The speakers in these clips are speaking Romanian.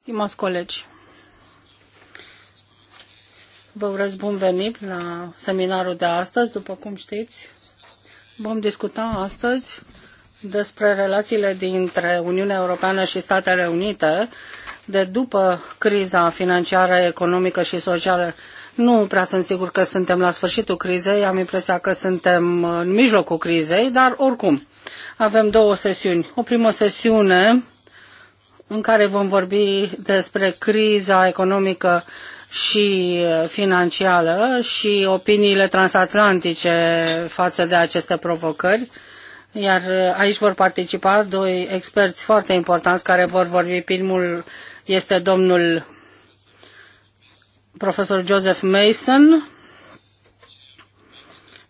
Stimați colegi, vă urez bun venit la seminarul de astăzi. După cum știți, vom discuta astăzi despre relațiile dintre Uniunea Europeană și Statele Unite de după criza financiară, economică și socială. Nu prea sunt sigur că suntem la sfârșitul crizei, am impresia că suntem în mijlocul crizei, dar oricum avem două sesiuni. O primă sesiune în care vom vorbi despre criza economică și financiară și opiniile transatlantice față de aceste provocări. Iar aici vor participa doi experți foarte importanți care vor vorbi. Primul este domnul profesor Joseph Mason,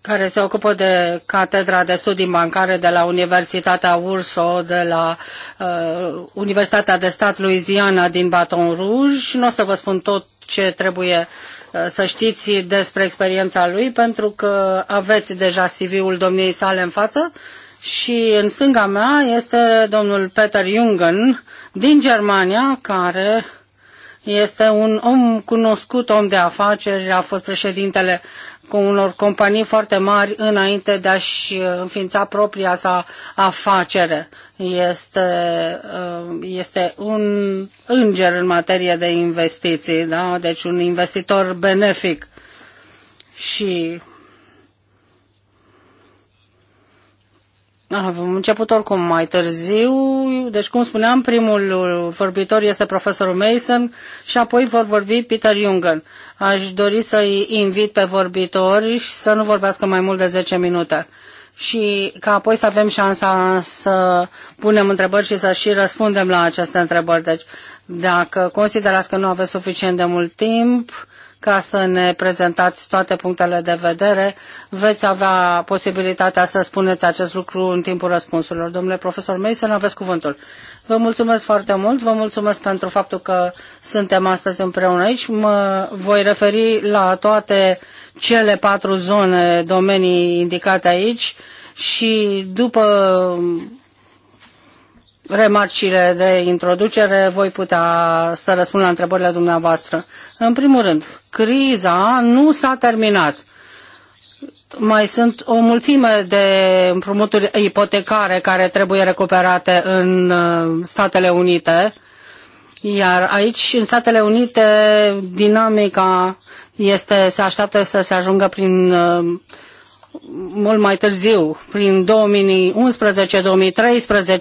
care se ocupă de Catedra de Studii Bancare de la Universitatea Urso, de la uh, Universitatea de Stat Louisiana din Baton Rouge. Nu o să vă spun tot ce trebuie uh, să știți despre experiența lui, pentru că aveți deja CV-ul domniei sale în față. Și în stânga mea este domnul Peter Jungen din Germania, care uh, este un om cunoscut, om de afaceri, a fost președintele cu unor companii foarte mari înainte de a-și uh, înființa propria sa afacere. Este, uh, este un înger în materie de investiții, da? deci un investitor benefic. Și Am început oricum mai târziu, deci cum spuneam, primul vorbitor este profesorul Mason și apoi vor vorbi Peter Jungen. Aș dori să-i invit pe vorbitori să nu vorbească mai mult de 10 minute și ca apoi să avem șansa să punem întrebări și să și răspundem la aceste întrebări. Deci, dacă considerați că nu aveți suficient de mult timp, ca să ne prezentați toate punctele de vedere. Veți avea posibilitatea să spuneți acest lucru în timpul răspunsurilor. Domnule profesor Mason, aveți cuvântul. Vă mulțumesc foarte mult, vă mulțumesc pentru faptul că suntem astăzi împreună aici. Mă voi referi la toate cele patru zone, domenii indicate aici și după remarcile de introducere voi putea să răspund la întrebările dumneavoastră. În primul rând, criza nu s-a terminat. Mai sunt o mulțime de împrumuturi ipotecare care trebuie recuperate în uh, Statele Unite, iar aici, în Statele Unite, dinamica este, se așteaptă să se ajungă prin uh, mult mai târziu, prin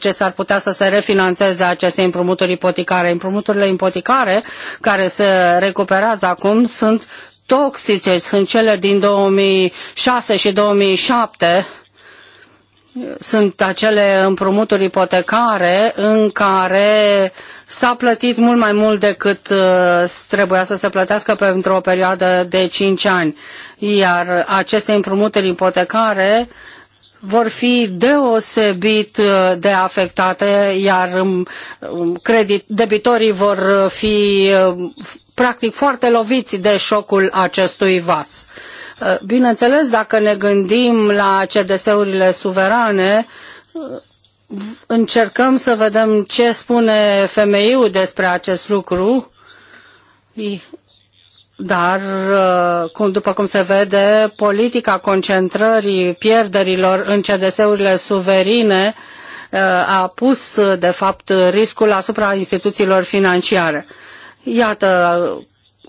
2011-2013, s-ar putea să se refinanțeze aceste împrumuturi ipotecare. Împrumuturile ipotecare care se recuperează acum sunt toxice, sunt cele din 2006 și 2007, sunt acele împrumuturi ipotecare în care s-a plătit mult mai mult decât uh, trebuia să se plătească pentru o perioadă de 5 ani. Iar aceste împrumuturi ipotecare vor fi deosebit uh, de afectate, iar um, um, credit, debitorii vor fi uh, practic foarte loviți de șocul acestui vas. Uh, bineînțeles, dacă ne gândim la CDS-urile suverane, uh, încercăm să vedem ce spune femeiul despre acest lucru, dar, uh, după cum se vede, politica concentrării pierderilor în CDS-urile suverine a pus, de fapt, riscul asupra instituțiilor financiare. Iată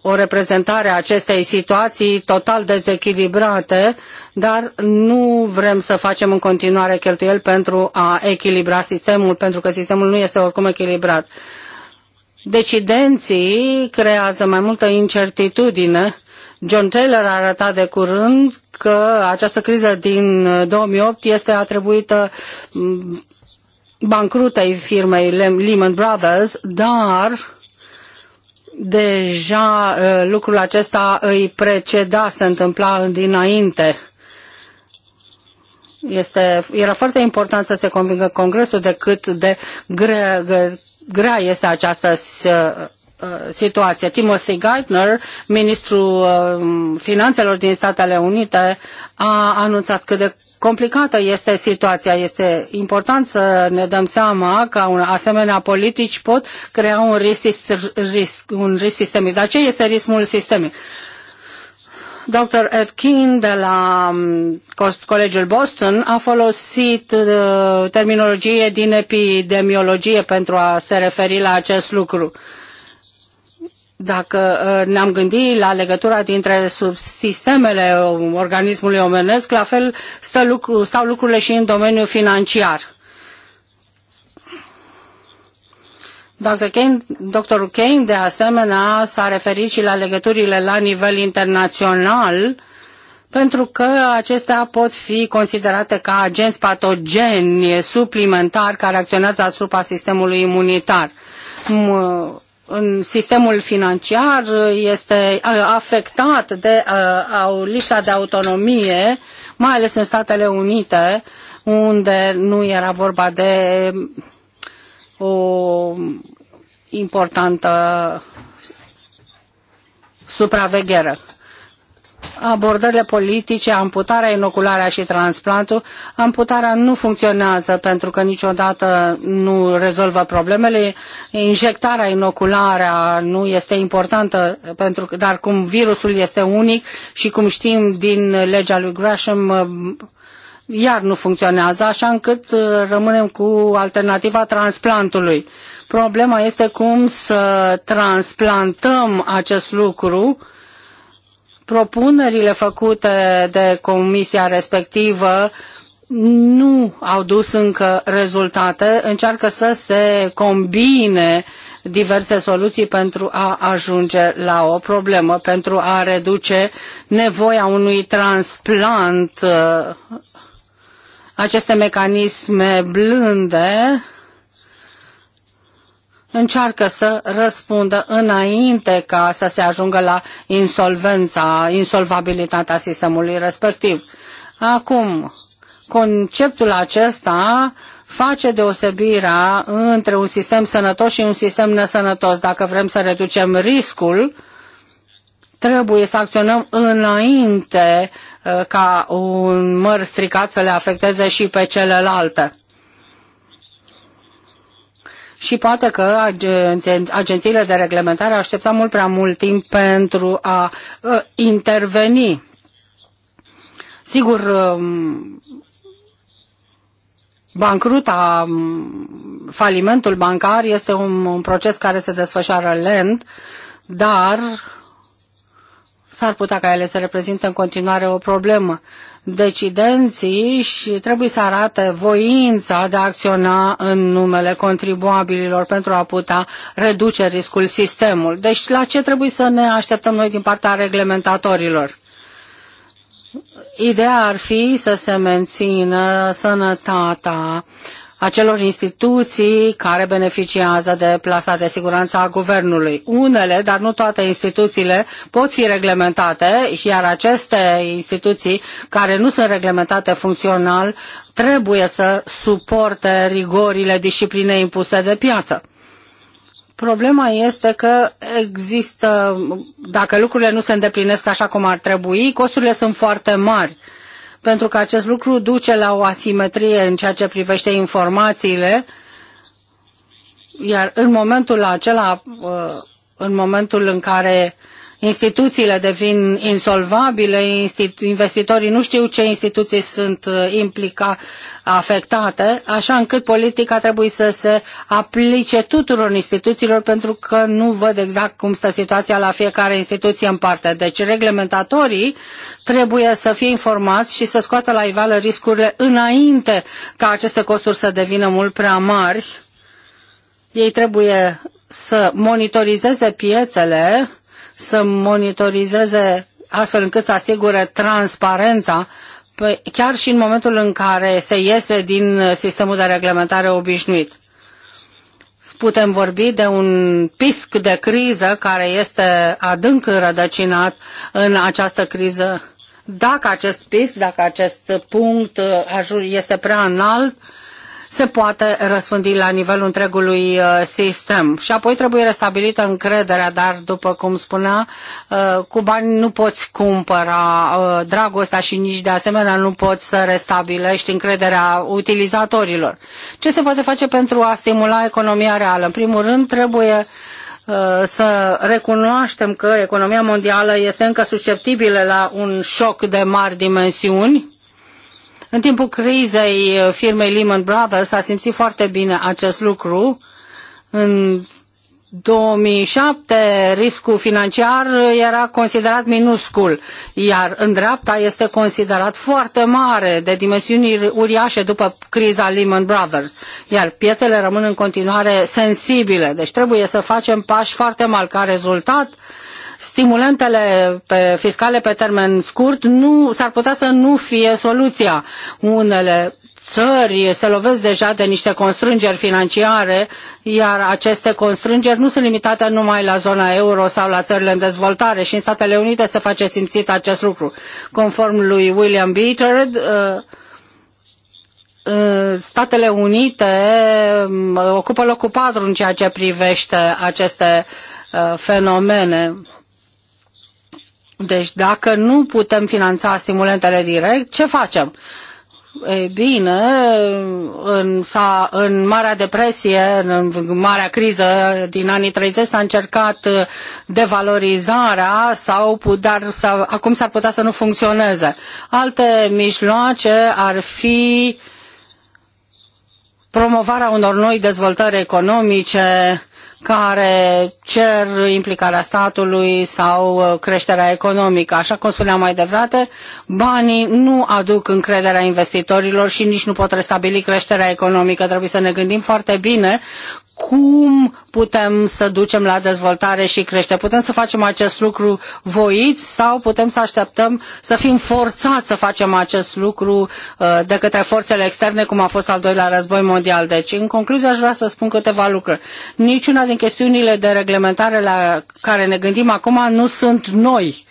o reprezentare a acestei situații total dezechilibrate, dar nu vrem să facem în continuare cheltuieli pentru a echilibra sistemul, pentru că sistemul nu este oricum echilibrat. Decidenții creează mai multă incertitudine. John Taylor a arătat de curând că această criză din 2008 este atribuită bancrutei firmei Lehman Brothers, dar Deja uh, lucrul acesta îi preceda, se întâmpla dinainte. Este, era foarte important să se convingă Congresul de cât de grea, grea este această uh, uh, situație. Timothy Geithner, ministrul finanțelor din Statele Unite, a anunțat cât de complicată este situația. Este important să ne dăm seama că un asemenea politici pot crea un risc, risc, un risc sistemic. Dar ce este riscul sistemic? Dr. Ed King de la um, Colegiul Boston a folosit uh, terminologie din epidemiologie pentru a se referi la acest lucru. Dacă uh, ne-am gândit la legătura dintre subsistemele organismului omenesc, la fel stă lucru, stau lucrurile și în domeniul financiar. Dr. Kane, dr. Kane, de asemenea, s-a referit și la legăturile la nivel internațional, pentru că acestea pot fi considerate ca agenți patogeni suplimentari care acționează asupra sistemului imunitar. M sistemul financiar este afectat de lipsa de autonomie, mai ales în Statele Unite, unde nu era vorba de o importantă supraveghere abordările politice, amputarea, inocularea și transplantul. Amputarea nu funcționează pentru că niciodată nu rezolvă problemele. Injectarea, inocularea nu este importantă, pentru că, dar cum virusul este unic și cum știm din legea lui Gresham, iar nu funcționează, așa încât uh, rămânem cu alternativa transplantului. Problema este cum să transplantăm acest lucru propunerile făcute de comisia respectivă nu au dus încă rezultate, încearcă să se combine diverse soluții pentru a ajunge la o problemă, pentru a reduce nevoia unui transplant. Aceste mecanisme blânde încearcă să răspundă înainte ca să se ajungă la insolvența, insolvabilitatea sistemului respectiv. Acum, conceptul acesta face deosebirea între un sistem sănătos și un sistem nesănătos. Dacă vrem să reducem riscul, trebuie să acționăm înainte uh, ca un măr stricat să le afecteze și pe celelalte și poate că agențiile de reglementare aștepta mult prea mult timp pentru a uh, interveni. Sigur, um, bancruta, um, falimentul bancar este un, un proces care se desfășoară lent, dar s-ar putea ca ele să reprezinte în continuare o problemă decidenții și trebuie să arate voința de a acționa în numele contribuabililor pentru a putea reduce riscul sistemul. Deci la ce trebuie să ne așteptăm noi din partea reglementatorilor? Ideea ar fi să se mențină sănătatea uh, acelor instituții care beneficiază de plasa de siguranță a guvernului. Unele, dar nu toate instituțiile pot fi reglementate, iar aceste instituții care nu sunt reglementate funcțional trebuie să suporte rigorile disciplinei impuse de piață. Problema este că există, dacă lucrurile nu se îndeplinesc așa cum ar trebui, costurile sunt foarte mari pentru că acest lucru duce la o asimetrie în ceea ce privește informațiile, iar în momentul acela, uh, în momentul în care instituțiile devin insolvabile, investitorii nu știu ce instituții sunt uh, implica afectate, așa încât politica trebuie să se aplice tuturor instituțiilor pentru că nu văd exact cum stă situația la fiecare instituție în parte. Deci reglementatorii trebuie să fie informați și să scoată la iveală riscurile înainte ca aceste costuri să devină mult prea mari. Ei trebuie să monitorizeze piețele să monitorizeze astfel încât să asigure transparența chiar și în momentul în care se iese din sistemul de reglementare obișnuit. Putem vorbi de un pisc de criză care este adânc rădăcinat în această criză. Dacă acest pisc, dacă acest punct este prea înalt, se poate răspândi la nivelul întregului uh, sistem. Și apoi trebuie restabilită încrederea, dar, după cum spunea, uh, cu bani nu poți cumpăra uh, dragostea și nici de asemenea nu poți să restabilești încrederea utilizatorilor. Ce se poate face pentru a stimula economia reală? În primul rând, trebuie să recunoaștem că economia mondială este încă susceptibilă la un șoc de mari dimensiuni în timpul crizei uh, firmei Lehman Brothers a simțit foarte bine acest lucru. În 2007 riscul financiar era considerat minuscul, iar în dreapta este considerat foarte mare, de dimensiuni uriașe după criza Lehman Brothers, iar piețele rămân în continuare sensibile, deci trebuie să facem pași foarte mari ca rezultat stimulentele pe, fiscale pe termen scurt nu, s-ar putea să nu fie soluția. Unele țări se lovesc deja de niște constrângeri financiare, iar aceste constrângeri nu sunt limitate numai la zona euro sau la țările în dezvoltare și în Statele Unite se face simțit acest lucru. Conform lui William Beecher, uh, uh, Statele Unite um, ocupă locul 4 în ceea ce privește aceste uh, fenomene. Deci dacă nu putem finanța stimulentele direct, ce facem? E bine, în, sa, în Marea Depresie, în, în Marea Criză din anii 30 s-a încercat uh, devalorizarea, sau, dar sau, acum s-ar putea să nu funcționeze. Alte mijloace ar fi promovarea unor noi dezvoltări economice, care cer implicarea statului sau uh, creșterea economică. Așa cum spuneam mai devreme, banii nu aduc încrederea investitorilor și nici nu pot restabili creșterea economică. Trebuie să ne gândim foarte bine cum putem să ducem la dezvoltare și creștere. Putem să facem acest lucru voiți sau putem să așteptăm să fim forțați să facem acest lucru uh, de către forțele externe, cum a fost al doilea război mondial. Deci, în concluzie, aș vrea să spun câteva lucruri. Niciuna din chestiunile de reglementare la care ne gândim acum nu sunt noi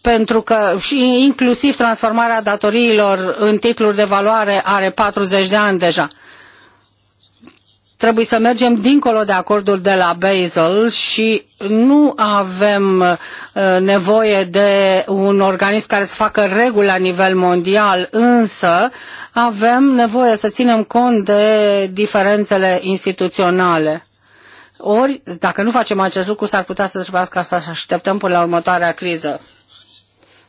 pentru că și inclusiv transformarea datoriilor în titluri de valoare are 40 de ani deja trebuie să mergem dincolo de acordul de la Basel și nu avem uh, nevoie de un organism care să facă reguli la nivel mondial, însă avem nevoie să ținem cont de diferențele instituționale. Ori, dacă nu facem acest lucru, s-ar putea să trebuiască să așteptăm până la următoarea criză.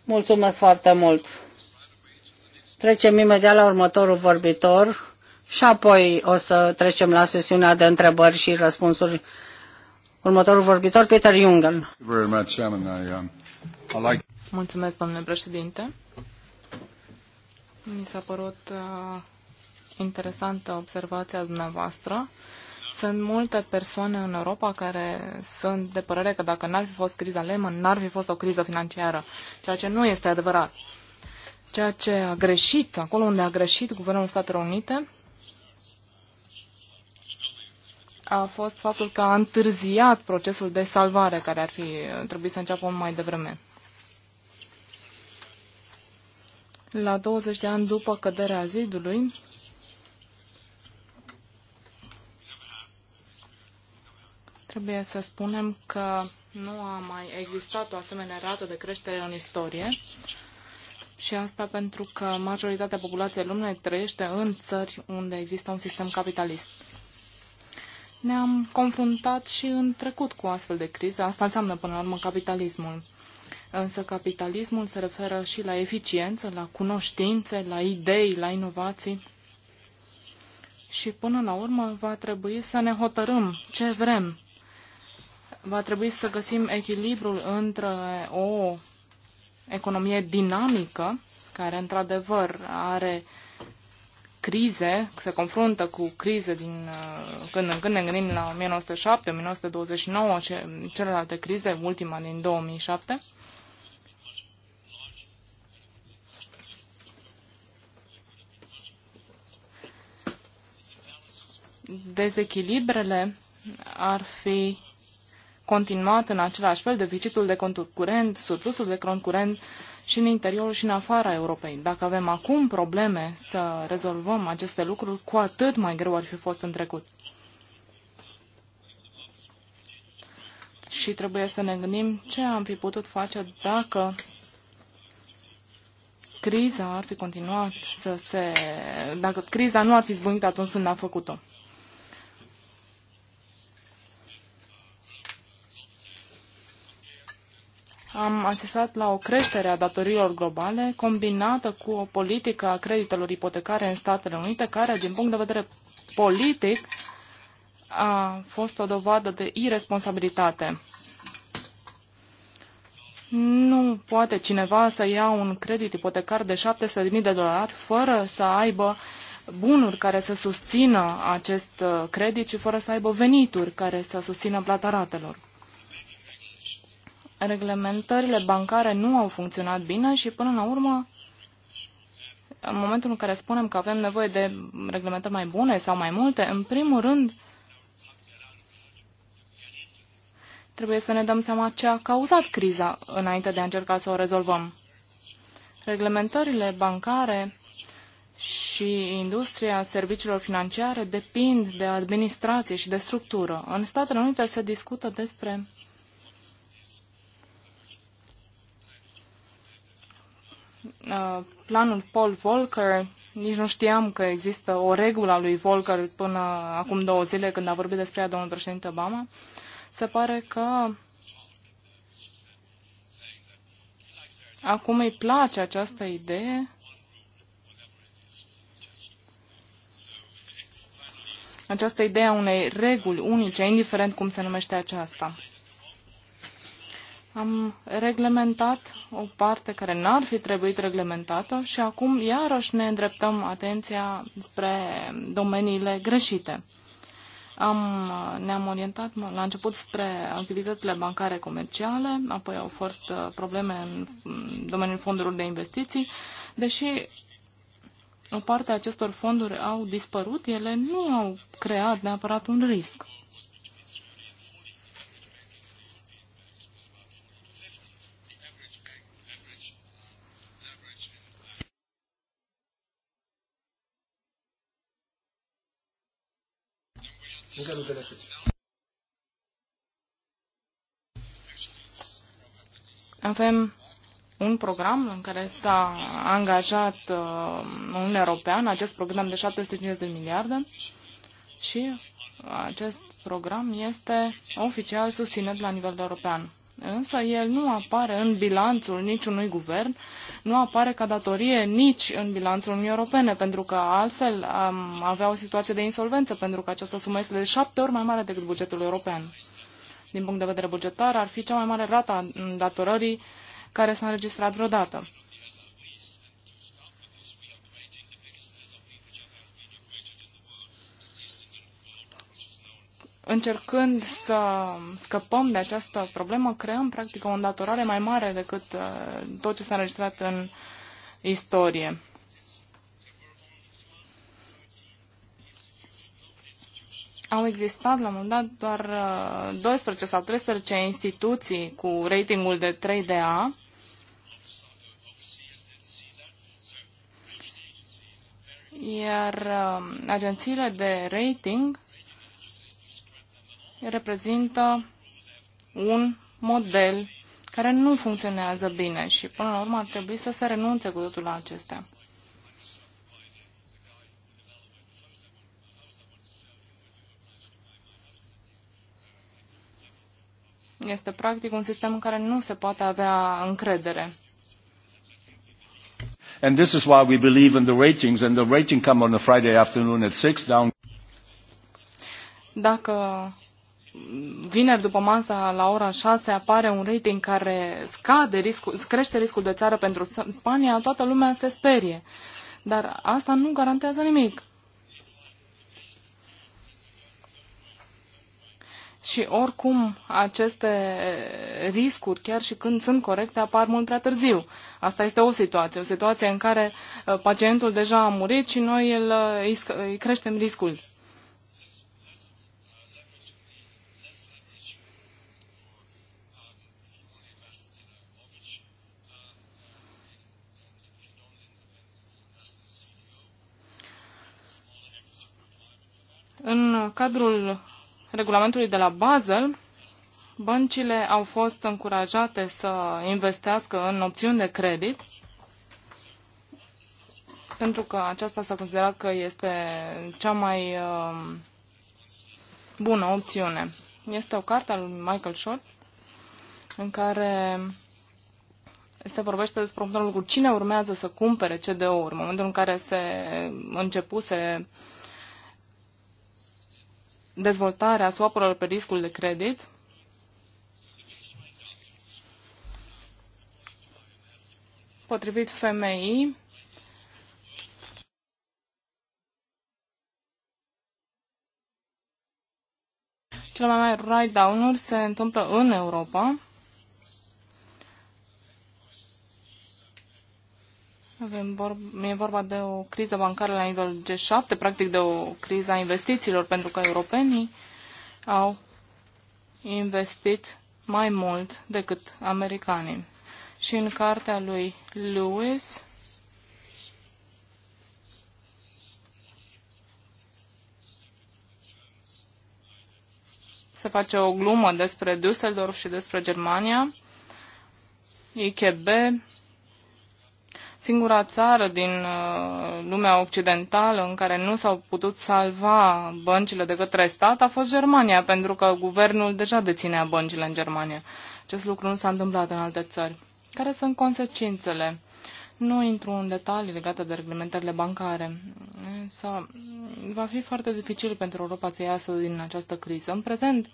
Mulțumesc foarte mult! Trecem imediat la următorul vorbitor și apoi o să trecem la sesiunea de întrebări și răspunsuri. Următorul vorbitor, Peter Jungel. Um, Mulțumesc, domnule președinte. Mi s-a părut uh, interesantă observația dumneavoastră. Sunt multe persoane în Europa care sunt de părere că dacă n-ar fi fost criza Lehman, n-ar fi fost o criză financiară, ceea ce nu este adevărat. Ceea ce a greșit, acolo unde a greșit Guvernul Statelor Unite, a fost faptul că a întârziat procesul de salvare care ar fi uh, trebuit să înceapă mai devreme. La 20 de ani după căderea zidului, trebuie să spunem că nu a mai existat o asemenea rată de creștere în istorie și asta pentru că majoritatea populației lumii trăiește în țări unde există un sistem capitalist ne-am confruntat și în trecut cu astfel de crize. Asta înseamnă până la urmă capitalismul. Însă capitalismul se referă și la eficiență, la cunoștințe, la idei, la inovații. Și până la urmă va trebui să ne hotărâm ce vrem. Va trebui să găsim echilibrul între o economie dinamică, care într-adevăr are uh, crize, se confruntă cu crize din uh, când în când, ne gândim la 1907, 1929, uh, celelalte crize, ultima din 2007. Dezechilibrele ar fi continuat în același fel, deficitul de cont curent, surplusul de cont curent, uh, și în interiorul și în afara Europei. Dacă avem acum probleme să rezolvăm aceste lucruri, cu atât mai greu ar fi fost în trecut. Și trebuie să ne gândim ce am fi putut face dacă criza ar fi continuat să se... dacă criza nu ar fi zbunit atunci când a făcut-o. am asistat la o creștere a datoriilor globale combinată cu o politică a creditelor ipotecare în Statele Unite, care, din punct de vedere politic, a fost o dovadă de irresponsabilitate. Nu poate cineva să ia un credit ipotecar de 700.000 de dolari fără să aibă bunuri care să susțină acest uh, credit și fără să aibă venituri care să susțină plata ratelor reglementările bancare nu au funcționat bine și până la urmă, în momentul în care spunem că avem nevoie de reglementări mai bune sau mai multe, în primul rând, trebuie să ne dăm seama ce a cauzat criza înainte de a încerca să o rezolvăm. Reglementările bancare și industria serviciilor financiare depind de administrație și de structură. În Statele Unite se discută despre Uh, planul Paul Volcker, nici nu știam că există o regulă a lui Volcker până acum două zile când a vorbit despre ea domnul președinte Obama. Se pare că acum îi place această idee această idee a unei reguli unice, indiferent cum se numește aceasta am reglementat o parte care n-ar fi trebuit reglementată și acum iarăși ne îndreptăm atenția spre domeniile greșite. Am, ne-am orientat la început spre activitățile bancare comerciale, apoi au fost uh, probleme în domeniul fondurilor de investiții, deși o parte a acestor fonduri au dispărut, ele nu au creat neapărat un risc. Încă nu Avem un program în care s-a angajat uh, un european, acest program de 750 de miliarde și acest program este oficial susținut la nivel european. Însă el nu apare în bilanțul niciunui guvern, nu apare ca datorie nici în bilanțul Uniunii Europene, pentru că altfel am avea o situație de insolvență, pentru că această sumă este de șapte ori mai mare decât bugetul european. Din punct de vedere bugetar, ar fi cea mai mare rata datorării care s-a înregistrat vreodată. încercând să scăpăm de această problemă, creăm practic o îndatorare mai mare decât uh, tot ce s-a înregistrat în istorie. Au existat la un moment dat doar 12 uh, sau 13 instituții cu ratingul de 3 A. iar uh, agențiile de rating reprezintă un model care nu funcționează bine și până la urmă ar trebui să se renunțe cu totul la acestea. Este practic un sistem în care nu se poate avea încredere. And this is why we believe in the ratings and the rating come on a Friday afternoon at 6 down. Dacă vineri după masa la ora 6 apare un rating care scade riscul, crește riscul de țară pentru Spania, toată lumea se sperie. Dar asta nu garantează nimic. Și oricum, aceste riscuri, chiar și când sunt corecte, apar mult prea târziu. Asta este o situație, o situație în care uh, pacientul deja a murit și noi uh, îi creștem riscul În cadrul regulamentului de la Basel, băncile au fost încurajate să investească în opțiuni de credit, pentru că aceasta s-a considerat că este cea mai um, bună opțiune. Este o carte a lui Michael Short în care se vorbește despre următorul lucru. Cine urmează să cumpere CDO-uri în momentul în care se începuse uh, dezvoltarea swapurilor pe riscul de credit. Potrivit FMI, cele mai mari write-down-uri se întâmplă în Europa. Avem vorba, e vorba de o criză bancară la nivel G7, practic de o criză a investițiilor, pentru că europenii au investit mai mult decât americanii. Și în cartea lui Lewis, se face o glumă despre Düsseldorf și despre Germania. IKB singura țară din uh, lumea occidentală în care nu s-au putut salva băncile de către stat a fost Germania, pentru că guvernul deja deținea băncile în Germania. Acest lucru nu s-a întâmplat în alte țări. Care sunt consecințele? Nu intru în detalii legate de reglementările bancare, însă va fi foarte dificil pentru Europa să iasă din această criză. În prezent,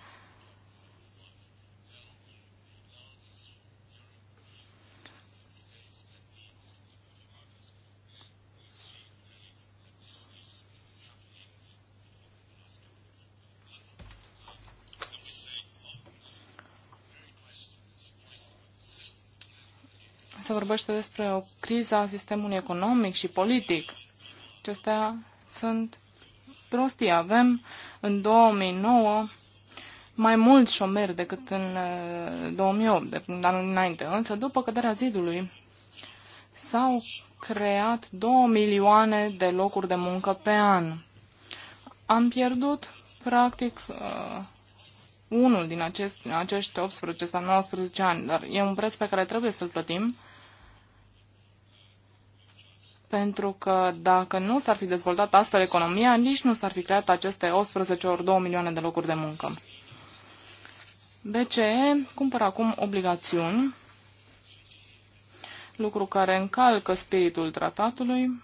se vorbește despre o criză a sistemului economic și politic. Acestea sunt prostii. Avem în 2009 mai mulți șomeri decât în 2008, uh, de anul înainte. Însă, după căderea zidului, s-au creat 2 milioane de locuri de muncă pe an. Am pierdut, practic, uh, unul din acest, acești 18 sau 19 ani, dar e un preț pe care trebuie să-l plătim pentru că dacă nu s-ar fi dezvoltat astfel economia, nici nu s-ar fi creat aceste 18 ori 2 milioane de locuri de muncă. BCE cumpără acum obligațiuni, lucru care încalcă spiritul tratatului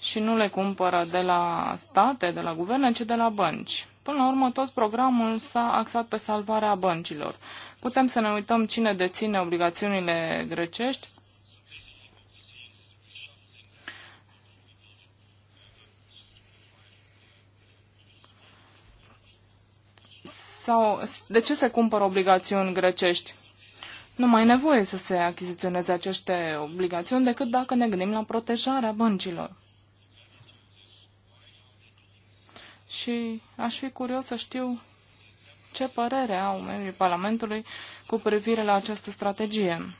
și nu le cumpără de la state, de la guverne, ci de la bănci. Până la urmă, tot programul s-a axat pe salvarea băncilor. Putem să ne uităm cine deține obligațiunile grecești, sau de ce se cumpără obligațiuni grecești? Nu mai e nevoie să se achiziționeze aceste obligațiuni decât dacă ne gândim la protejarea băncilor. Și aș fi curios să știu ce părere au membrii Parlamentului cu privire la această strategie.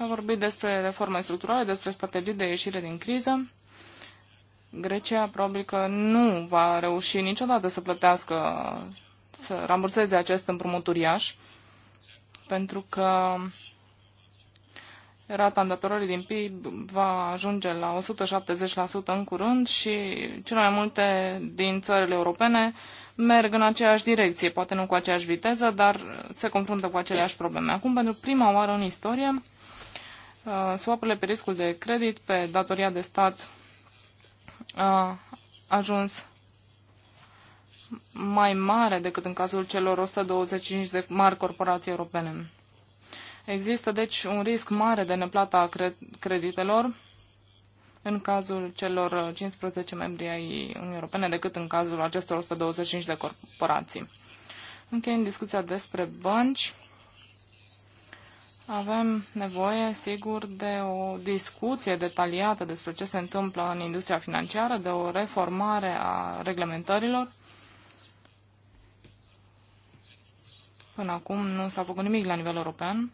S-a vorbit despre reforme structurale, despre strategii de ieșire din criză. Grecia probabil că nu va reuși niciodată să plătească, să ramburseze acest împrumut uriaș, pentru că rata îndatorării din PIB va ajunge la 170% în curând și cele mai multe din țările europene merg în aceeași direcție, poate nu cu aceeași viteză, dar se confruntă cu aceleași probleme. Acum, pentru prima oară în istorie, Uh, swapurile pe riscul de credit, pe datoria de stat a uh, ajuns mai mare decât în cazul celor 125 de mari corporații europene. Există deci un risc mare de neplata creditelor în cazul celor 15 membri ai Uniunii Europene decât în cazul acestor 125 de corporații. Încheiem discuția despre bănci. Avem nevoie, sigur, de o discuție detaliată despre ce se întâmplă în industria financiară, de o reformare a reglementărilor. Până acum nu s-a făcut nimic la nivel european.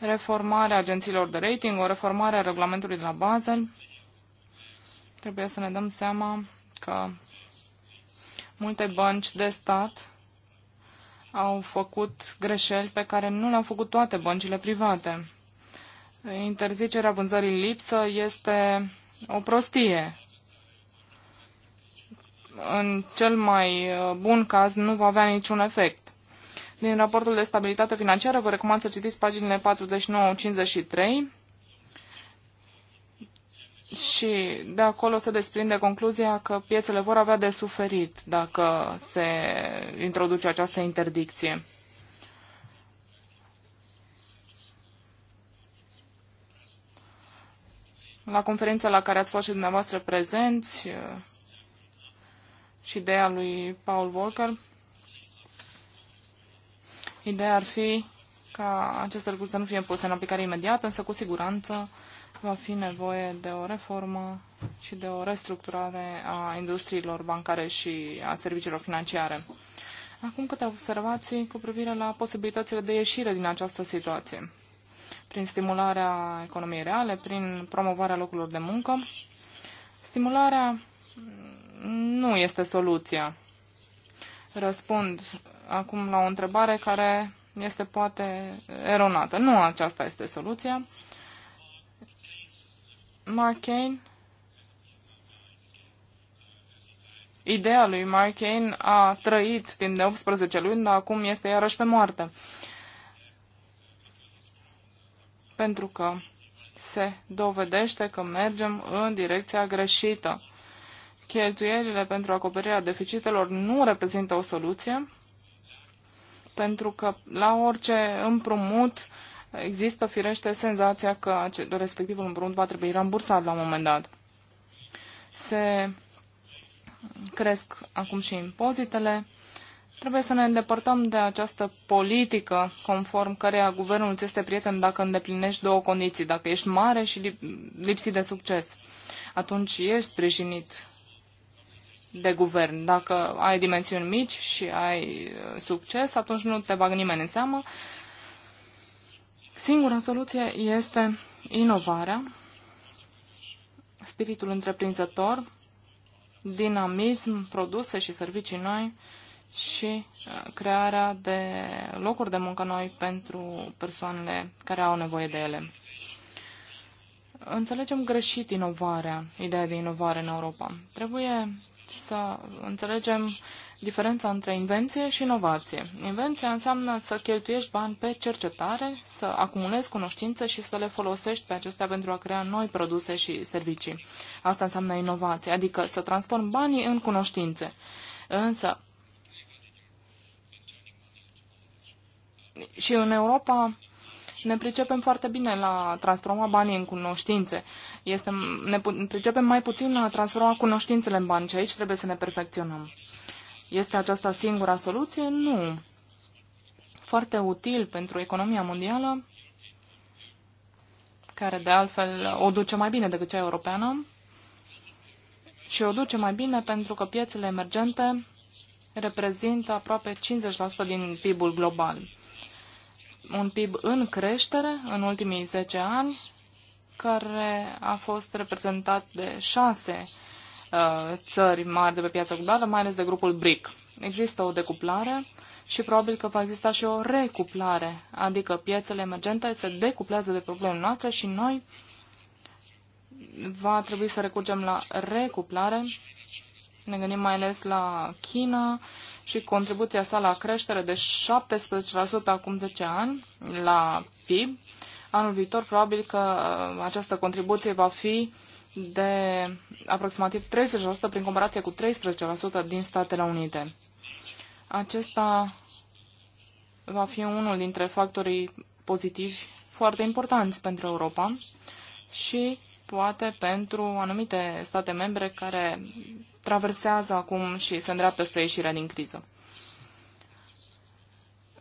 Reformarea agențiilor de rating, o reformare a regulamentului de la Basel. Trebuie să ne dăm seama că multe bănci de stat au făcut greșeli pe care nu le-au făcut toate băncile private. Interzicerea vânzării în lipsă este o prostie. În cel mai uh, bun caz nu va avea niciun efect. Din raportul de stabilitate financiară vă recomand să citiți paginile 49-53 și de acolo se desprinde concluzia că piețele vor avea de suferit dacă se introduce această interdicție. La conferința la care ați fost și dumneavoastră prezenți și ideea lui Paul Volcker, ideea ar fi ca aceste lucruri să nu fie puse în aplicare imediat, însă cu siguranță va fi nevoie de o reformă și de o restructurare a industriilor bancare și a serviciilor financiare. Acum câte observații cu privire la posibilitățile de ieșire din această situație. Prin stimularea economiei reale, prin promovarea locurilor de muncă, stimularea nu este soluția. Răspund acum la o întrebare care este poate eronată. Nu aceasta este soluția. Markane. Ideea lui Markane a trăit timp de 18 luni, dar acum este iarăși pe moarte. Pentru că se dovedește că mergem în direcția greșită. Cheltuielile pentru acoperirea deficitelor nu reprezintă o soluție, pentru că la orice împrumut există firește senzația că respectivul împrumut va trebui rambursat la un moment dat. Se cresc acum și impozitele. Trebuie să ne îndepărtăm de această politică conform căreia guvernul ți este prieten dacă îndeplinești două condiții. Dacă ești mare și lipsit de succes, atunci ești sprijinit de guvern. Dacă ai dimensiuni mici și ai uh, succes, atunci nu te bag nimeni în seamă Singura soluție este inovarea, spiritul întreprinzător, dinamism, produse și servicii noi și uh, crearea de locuri de muncă noi pentru persoanele care au nevoie de ele. Înțelegem greșit inovarea, ideea de inovare în Europa. Trebuie să înțelegem diferența între invenție și inovație. Invenția înseamnă să cheltuiești bani pe cercetare, să acumulezi cunoștințe și să le folosești pe acestea pentru a crea noi produse și servicii. Asta înseamnă inovație, adică să transform banii în cunoștințe. Însă, și în Europa ne pricepem foarte bine la transforma banii în cunoștințe. Este, ne pricepem mai puțin la transforma cunoștințele în bani și aici trebuie să ne perfecționăm. Este aceasta singura soluție? Nu. Foarte util pentru economia mondială, care de altfel o duce mai bine decât cea europeană, și o duce mai bine pentru că piețele emergente reprezintă aproape 50% din PIB-ul global. Un PIB în creștere în ultimii 10 ani, care a fost reprezentat de 6 Uh, țări mari de pe piața globală, mai ales de grupul BRIC. Există o decuplare și probabil că va exista și o recuplare, adică piețele emergente se decuplează de problemele noastre și noi va trebui să recurgem la recuplare. Ne gândim mai ales la China și contribuția sa la creștere de 17% acum 10 ani la PIB. Anul viitor probabil că uh, această contribuție va fi uh, de aproximativ 30% prin comparație cu 13% din Statele Unite. Acesta va fi unul dintre factorii pozitivi foarte importanți pentru Europa și poate pentru anumite state membre care traversează acum și se îndreaptă spre ieșirea din criză.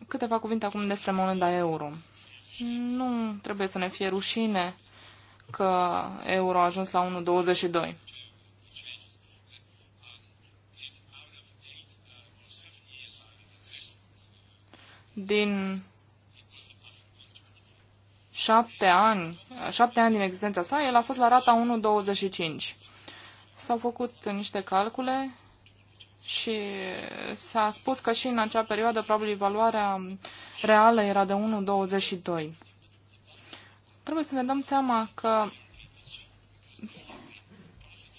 Câteva cuvinte acum despre moneda euro. Nu trebuie să ne fie rușine că euro a ajuns la 1,22. Din șapte ani, șapte ani din existența sa, el a fost la rata 1,25. S-au făcut niște calcule și s-a spus că și în acea perioadă probabil valoarea reală era de 1,22. Trebuie să ne dăm seama că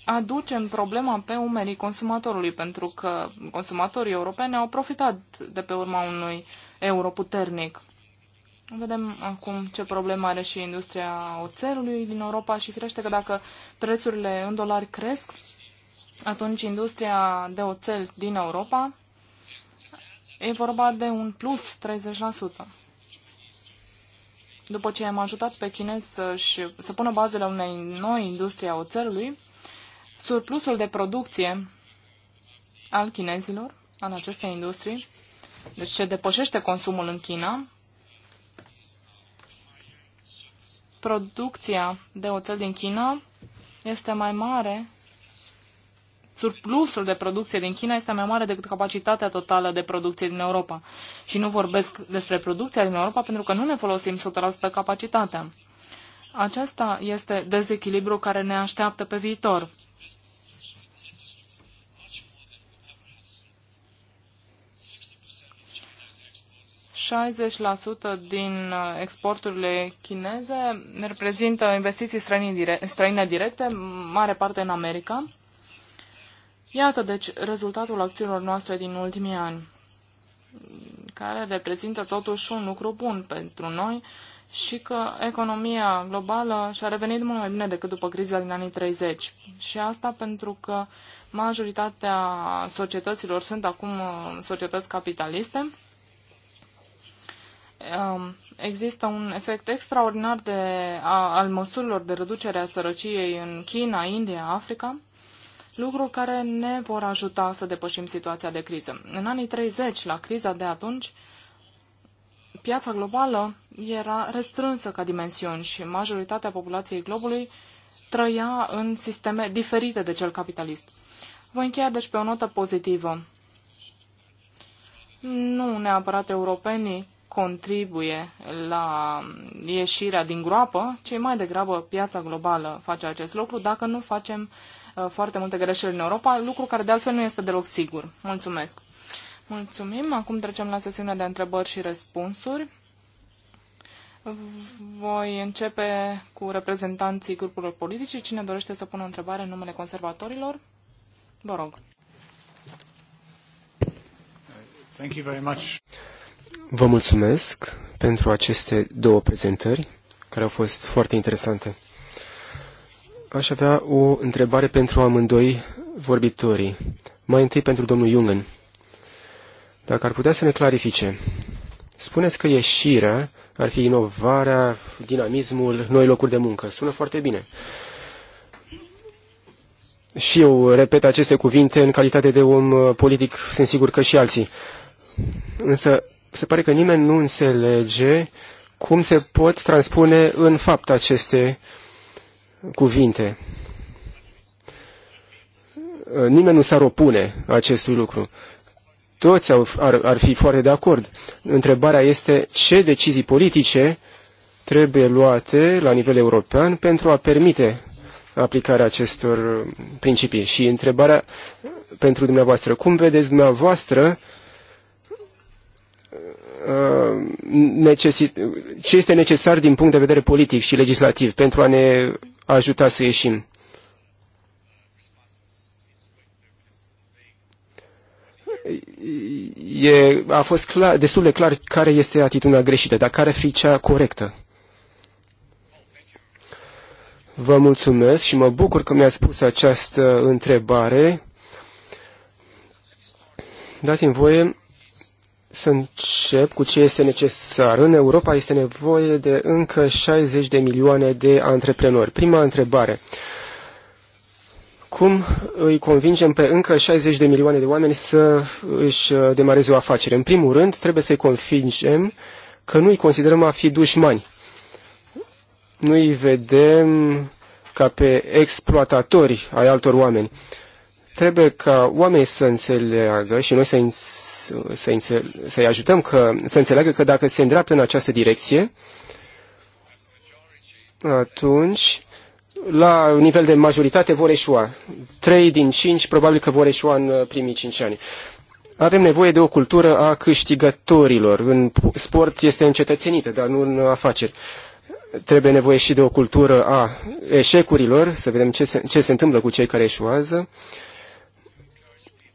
aducem problema pe umerii consumatorului, pentru că consumatorii europeni au profitat de pe urma unui euro puternic. Vedem acum ce problemă are și industria oțelului din Europa și firește că dacă prețurile în dolari cresc, atunci industria de oțel din Europa e vorba de un plus 30% după ce am ajutat pe chinezi să-și, să pună bazele unei noi industrie a oțelului, surplusul de producție al chinezilor, al acestei industrii, deci ce depășește consumul în China, producția de oțel din China este mai mare surplusul de producție din China este mai mare decât capacitatea totală de producție din Europa. Și nu vorbesc despre producția din Europa pentru că nu ne folosim 100% capacitatea. Aceasta este dezechilibru care ne așteaptă pe viitor. din uh, exporturile chineze reprezintă investiții străine directe, mare parte în America. Iată, deci, rezultatul acțiunilor noastre din ultimii ani, care reprezintă totuși un lucru bun pentru noi și că economia globală și-a revenit mult mai bine decât după criza din anii 30. Și asta pentru că majoritatea societăților sunt acum uh, societăți capitaliste. Um, există un efect extraordinar de, a, al măsurilor de reducere a sărăciei în China, India, Africa lucru care ne vor ajuta să depășim situația de criză. În anii 30, la criza de atunci, piața globală era restrânsă ca dimensiuni și majoritatea populației globului trăia în sisteme diferite de cel capitalist. Voi încheia deci pe o notă pozitivă. Nu neapărat europenii contribuie la ieșirea din groapă, ci mai degrabă piața globală face acest lucru dacă nu facem uh, foarte multe greșeli în Europa, lucru care de altfel nu este deloc sigur. Mulțumesc! Mulțumim! Acum trecem la sesiunea de întrebări și răspunsuri. Voi începe cu reprezentanții grupurilor politice. Cine dorește să pună o întrebare în numele conservatorilor? Vă rog. Thank you very much. Vă mulțumesc pentru aceste două prezentări, care au fost foarte interesante. Aș avea o întrebare pentru amândoi vorbitorii. Mai întâi pentru domnul Jungen. Dacă ar putea să ne clarifice, spuneți că ieșirea ar fi inovarea, dinamismul, noi locuri de muncă. Sună foarte bine. Și eu repet aceste cuvinte în calitate de om uh, politic, sunt sigur că și alții. Însă se pare că nimeni nu înțelege cum se pot transpune în fapt aceste cuvinte. Nimeni nu s-ar opune acestui lucru. Toți au, ar, ar fi foarte de acord. Întrebarea este ce decizii politice trebuie luate la nivel european pentru a permite aplicarea acestor principii. Și întrebarea pentru dumneavoastră, cum vedeți dumneavoastră Uh, ce este necesar din punct de vedere politic și legislativ pentru a ne ajuta să ieșim. E, a fost clar, destul de clar care este atitudinea greșită, dar care fi cea corectă. Vă mulțumesc și mă bucur că mi-ați pus această întrebare. Dați-mi voie să încep cu ce este necesar. În Europa este nevoie de încă 60 de milioane de antreprenori. Prima întrebare. Cum îi convingem pe încă 60 de milioane de oameni să își uh, demareze o afacere? În primul rând, trebuie să-i convingem că nu îi considerăm a fi dușmani. Nu îi vedem ca pe exploatatori ai altor oameni. Trebuie ca oamenii să înțeleagă și noi să să-i să ajutăm că, să înțeleagă că dacă se îndreaptă în această direcție, atunci la un nivel de majoritate vor eșua. Trei din cinci probabil că vor eșua în uh, primii cinci ani. Avem nevoie de o cultură a câștigătorilor. În sport este încetățenită, dar nu în afaceri. Trebuie nevoie și de o cultură a eșecurilor, să vedem ce se, ce se întâmplă cu cei care eșuează. Uh,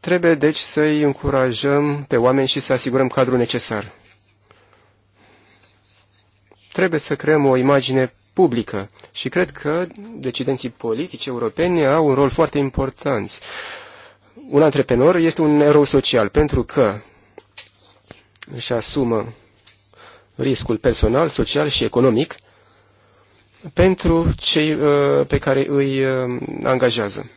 Trebuie, deci, să-i încurajăm pe oameni și să asigurăm cadrul necesar. Trebuie să creăm o imagine publică și cred că decidenții politici europeni au un rol foarte important. Un antreprenor este un erou social pentru că își asumă riscul personal, social și economic pentru cei uh, pe care îi uh, angajează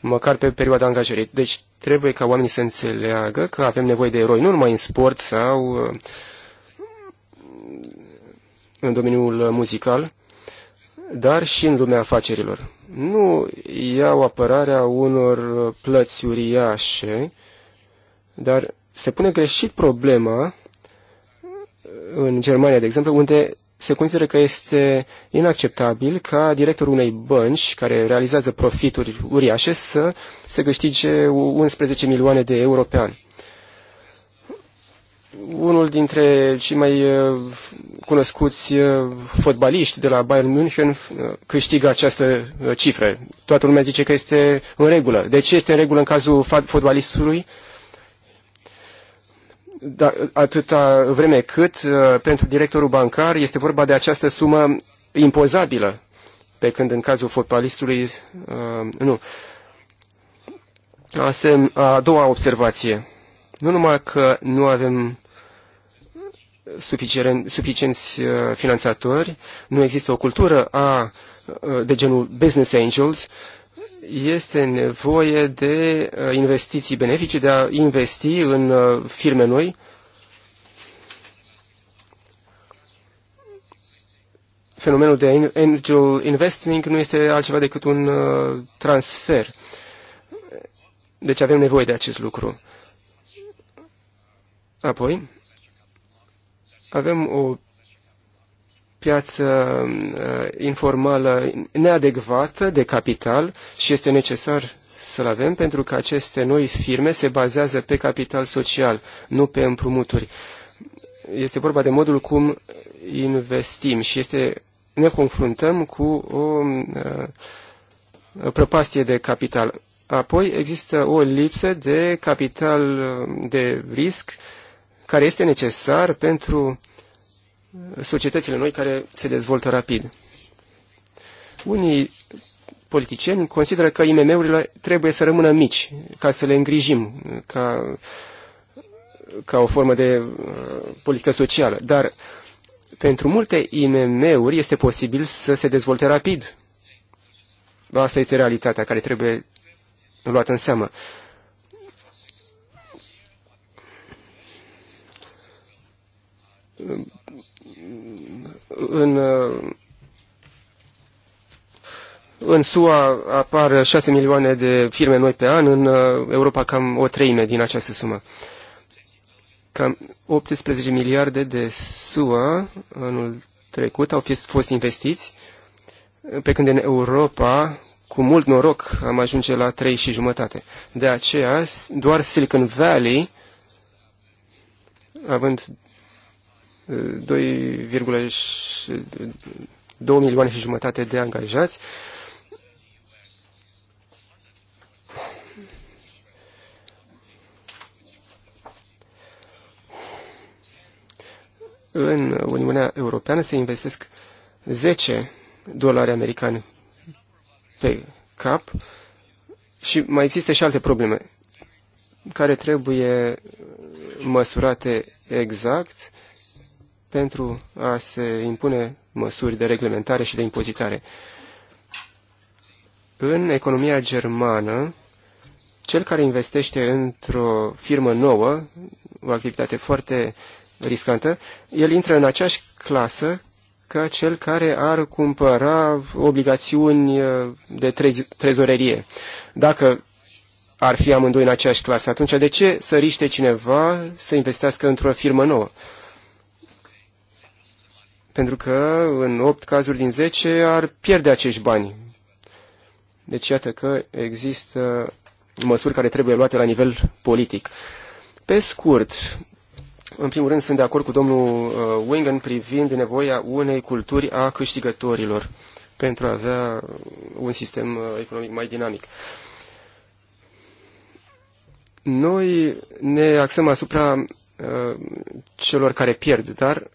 măcar pe perioada angajării. Deci trebuie ca oamenii să înțeleagă că avem nevoie de eroi, nu numai în sport sau uh, în domeniul muzical, dar și în lumea afacerilor. Nu iau apărarea unor plăți uriașe, dar se pune greșit problema în Germania, de exemplu, unde se consideră că este inacceptabil ca directorul unei bănci care realizează profituri uriașe să se câștige 11 milioane de euro pe an. Unul dintre cei mai uh, cunoscuți uh, fotbaliști de la Bayern München uh, câștigă această cifră. Toată lumea zice că este în regulă. De ce este în regulă în cazul fotbalistului? da, atâta vreme cât uh, pentru directorul bancar este vorba de această sumă impozabilă, pe când în cazul fotbalistului uh, nu. Asem, a doua observație. Nu numai că nu avem suficienți uh, finanțatori, nu există o cultură a, de genul business angels, este nevoie de uh, investiții benefice, de a investi în uh, firme noi. Fenomenul de angel investing nu este altceva decât un uh, transfer. Deci avem nevoie de acest lucru. Apoi, avem o piață uh, informală neadecvată de capital și este necesar să-l avem pentru că aceste noi firme se bazează pe capital social, nu pe împrumuturi. Este vorba de modul cum investim și este, ne confruntăm cu o, o uh, prăpastie de capital. Apoi există o lipsă de capital uh, de risc care este necesar pentru societățile noi care se dezvoltă rapid. Unii politicieni consideră că IMM-urile trebuie să rămână mici ca să le îngrijim, ca, ca o formă de uh, politică socială. Dar pentru multe IMM-uri este posibil să se dezvolte rapid. Asta este realitatea care trebuie luată în seamă în, uh, în SUA apar 6 milioane de firme noi pe an, în uh, Europa cam o treime din această sumă. Cam 18 miliarde de SUA anul trecut au fost investiți, pe când în Europa cu mult noroc am ajunge la trei și jumătate. De aceea, doar Silicon Valley, având 2,2 milioane și jumătate de angajați. În Uniunea Europeană se investesc 10 dolari americani pe cap și mai există și alte probleme care trebuie măsurate exact pentru a se impune măsuri de reglementare și de impozitare. În economia germană, cel care investește într-o firmă nouă, o activitate foarte riscantă, el intră în aceeași clasă ca cel care ar cumpăra obligațiuni uh, de trez trezorerie. Dacă ar fi amândoi în aceeași clasă, atunci de ce să cineva să investească într-o firmă nouă? pentru că în 8 cazuri din 10 ar pierde acești bani. Deci iată că există măsuri care trebuie luate la nivel politic. Pe scurt, în primul rând sunt de acord cu domnul uh, Wingen privind nevoia unei culturi a câștigătorilor pentru a avea un sistem uh, economic mai dinamic. Noi ne axăm asupra uh, celor care pierd, dar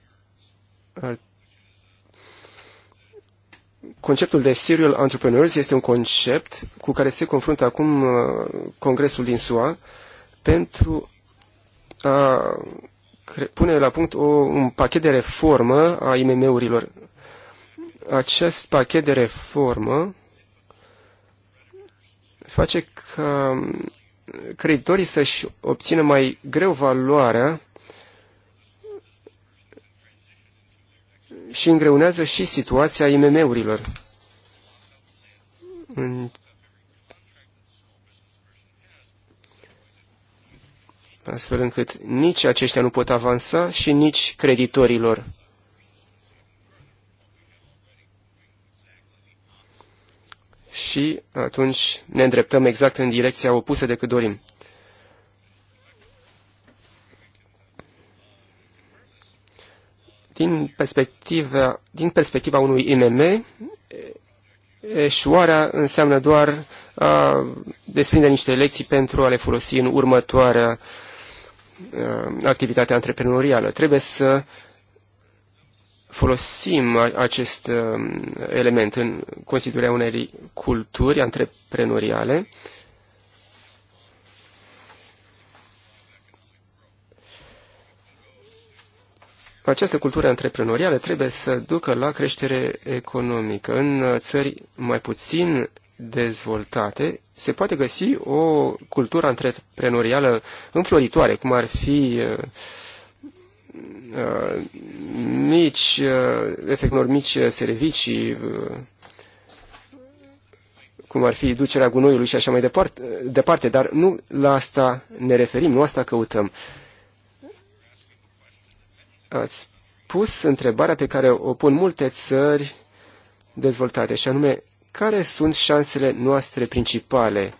Conceptul de serial entrepreneurs este un concept cu care se confruntă acum uh, Congresul din SUA pentru a pune la punct o, un pachet de reformă a IMM-urilor. Acest pachet de reformă face ca um, creditorii să-și obțină mai greu valoarea și îngreunează și situația IMM-urilor. În astfel încât nici aceștia nu pot avansa și nici creditorilor. Și atunci ne îndreptăm exact în direcția opusă decât dorim. Din perspectiva, din perspectiva unui IMM, eșuarea înseamnă doar a desprinde niște lecții pentru a le folosi în următoarea activitate antreprenorială. Trebuie să folosim acest element în constituirea unei culturi antreprenoriale Această cultură antreprenorială trebuie să ducă la creștere economică. În uh, țări mai puțin dezvoltate, se poate găsi o cultură antreprenorială înfloritoare, cum ar fi uh, uh, mici, uh, efectiv, mici servicii, cum ar fi ducerea gunoiului și așa mai departe, dar nu la asta ne referim, nu asta căutăm ați pus întrebarea pe care o pun multe țări dezvoltate, și anume, care sunt șansele noastre principale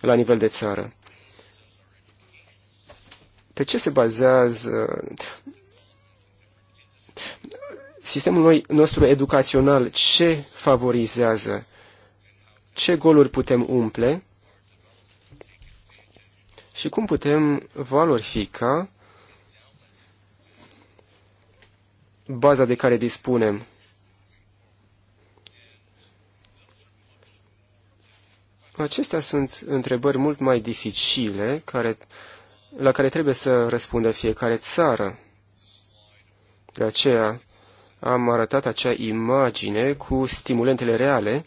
la nivel de țară? Pe ce se bazează sistemul nostru educațional? Ce favorizează? Ce goluri putem umple? Și cum putem valorifica baza de care dispunem. Acestea sunt întrebări mult mai dificile care, la care trebuie să răspundă fiecare țară. De aceea am arătat acea imagine cu stimulentele reale,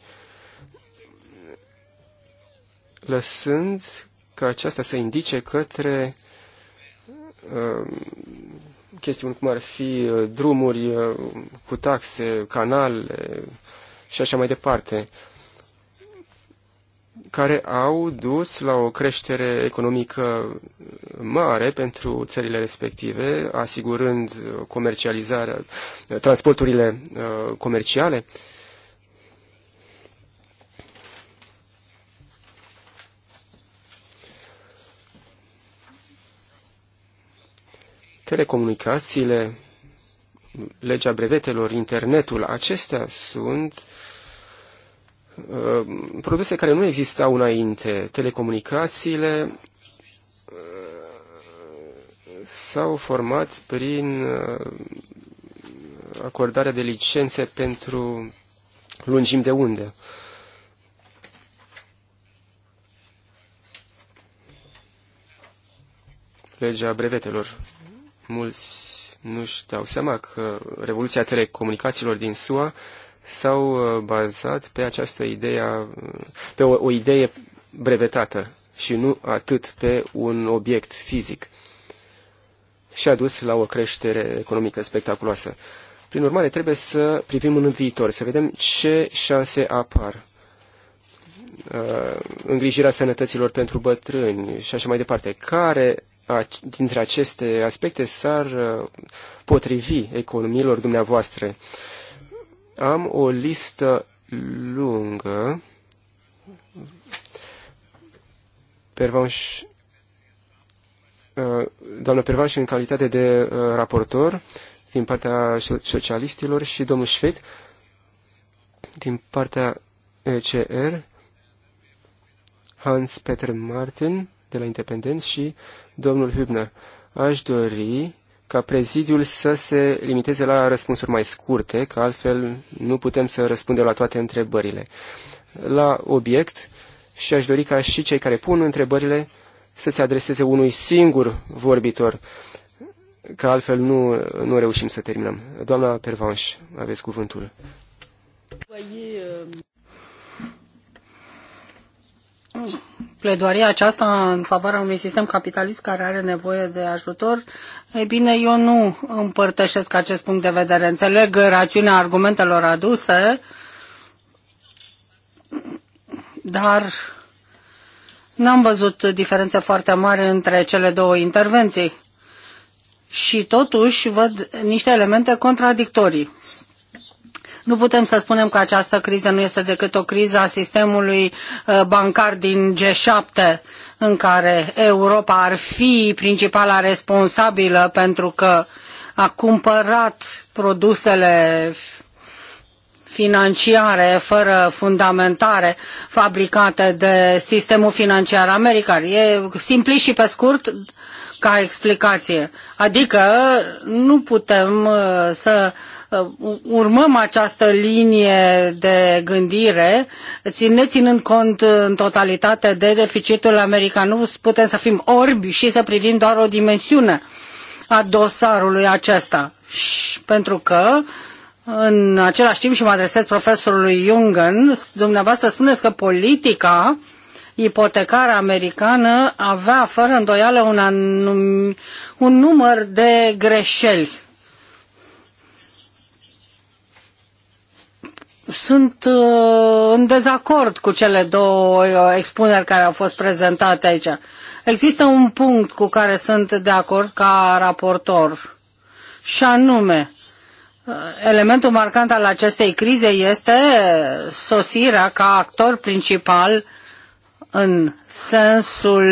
lăsând ca aceasta să indice către uh, chestiuni cum ar fi uh, drumuri uh, cu taxe, canale și așa mai departe, care au dus la o creștere economică mare pentru țările respective, asigurând comercializarea, uh, transporturile comerciale. telecomunicațiile, legea brevetelor, internetul, acestea sunt uh, produse care nu existau înainte. Telecomunicațiile uh, s-au format prin uh, acordarea de licențe pentru lungim de unde. Legea brevetelor Mulți nu-și dau seama că revoluția telecomunicațiilor din SUA s-au uh, bazat pe această idee, pe o, o idee brevetată și nu atât pe un obiect fizic și a dus la o creștere economică spectaculoasă. Prin urmare, trebuie să privim în viitor, să vedem ce șanse apar. Uh, îngrijirea sănătăților pentru bătrâni și așa mai departe. Care dintre aceste aspecte s-ar uh, potrivi economiilor dumneavoastră. Am o listă lungă. Pervanș, uh, doamnă Pervanș în calitate de uh, raportor din partea socialistilor și domnul Șfet din partea ECR, Hans Peter Martin de la Independent și Domnul Hübner, aș dori ca prezidiul să se limiteze la răspunsuri mai scurte, că altfel nu putem să răspundem la toate întrebările. La obiect și aș dori ca și cei care pun întrebările să se adreseze unui singur vorbitor, că altfel nu, nu reușim să terminăm. Doamna Pervanș, aveți cuvântul pledoaria aceasta în favoarea unui sistem capitalist care are nevoie de ajutor, e bine, eu nu împărtășesc acest punct de vedere. Înțeleg rațiunea argumentelor aduse, dar n-am văzut diferențe foarte mari între cele două intervenții. Și totuși văd niște elemente contradictorii. Nu putem să spunem că această criză nu este decât o criză a sistemului uh, bancar din G7, în care Europa ar fi principala responsabilă pentru că a cumpărat produsele financiare fără fundamentare fabricate de sistemul financiar american. E simplu și pe scurt ca explicație. Adică nu putem uh, să Uh, urmăm această linie de gândire, ține, ținând cont în totalitate de deficitul american. Nu putem să fim orbi și să privim doar o dimensiune a dosarului acesta. Și pentru că în același timp și mă adresez profesorului Jungen, dumneavoastră spuneți că politica ipotecară americană avea fără îndoială un, anum, un număr de greșeli sunt uh, în dezacord cu cele două uh, expuneri care au fost prezentate aici. Există un punct cu care sunt de acord ca raportor și anume uh, elementul marcant al acestei crize este sosirea ca actor principal în sensul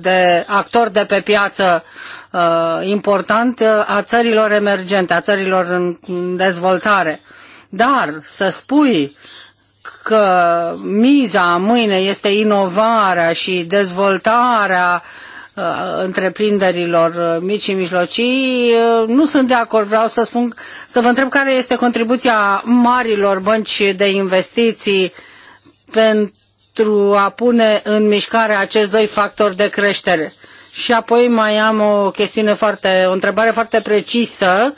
de actor de pe piață important a țărilor emergente, a țărilor în dezvoltare. Dar să spui că miza mâine este inovarea și dezvoltarea uh, întreprinderilor uh, mici și mijlocii. Uh, nu sunt de acord, vreau să spun, să vă întreb care este contribuția marilor bănci de investiții pentru a pune în mișcare acest doi factori de creștere. Și apoi mai am o chestiune foarte, o întrebare foarte precisă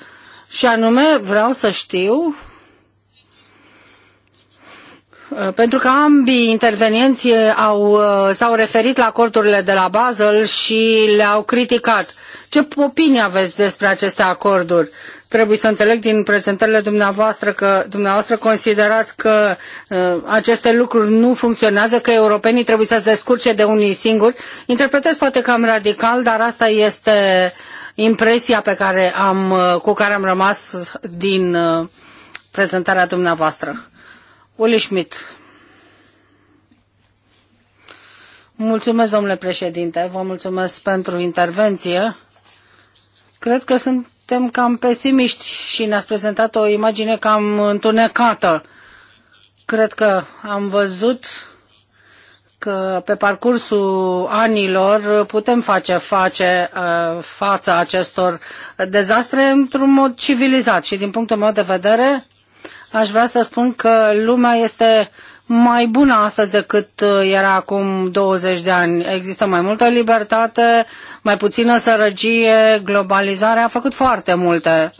și anume vreau să știu Uh, pentru că ambii intervenienți uh, au, uh, s-au referit la acordurile de la Basel și le-au criticat. Ce opinie aveți despre aceste acorduri? Trebuie să înțeleg din prezentările dumneavoastră că dumneavoastră considerați că uh, aceste lucruri nu funcționează, că europenii trebuie să se descurce de unii singuri. Interpretez poate cam radical, dar asta este impresia pe care am, cu care am rămas din uh, prezentarea dumneavoastră. Uli Schmidt. Mulțumesc, domnule președinte, vă mulțumesc pentru intervenție. Cred că suntem cam pesimiști și ne-ați prezentat o imagine cam întunecată. Cred că am văzut că pe parcursul anilor putem face, face uh, față acestor dezastre într-un mod civilizat și din punctul meu de vedere Aș vrea să spun că lumea este mai bună astăzi decât uh, era acum 20 de ani. Există mai multă libertate, mai puțină sărăgie, globalizarea a făcut foarte multe.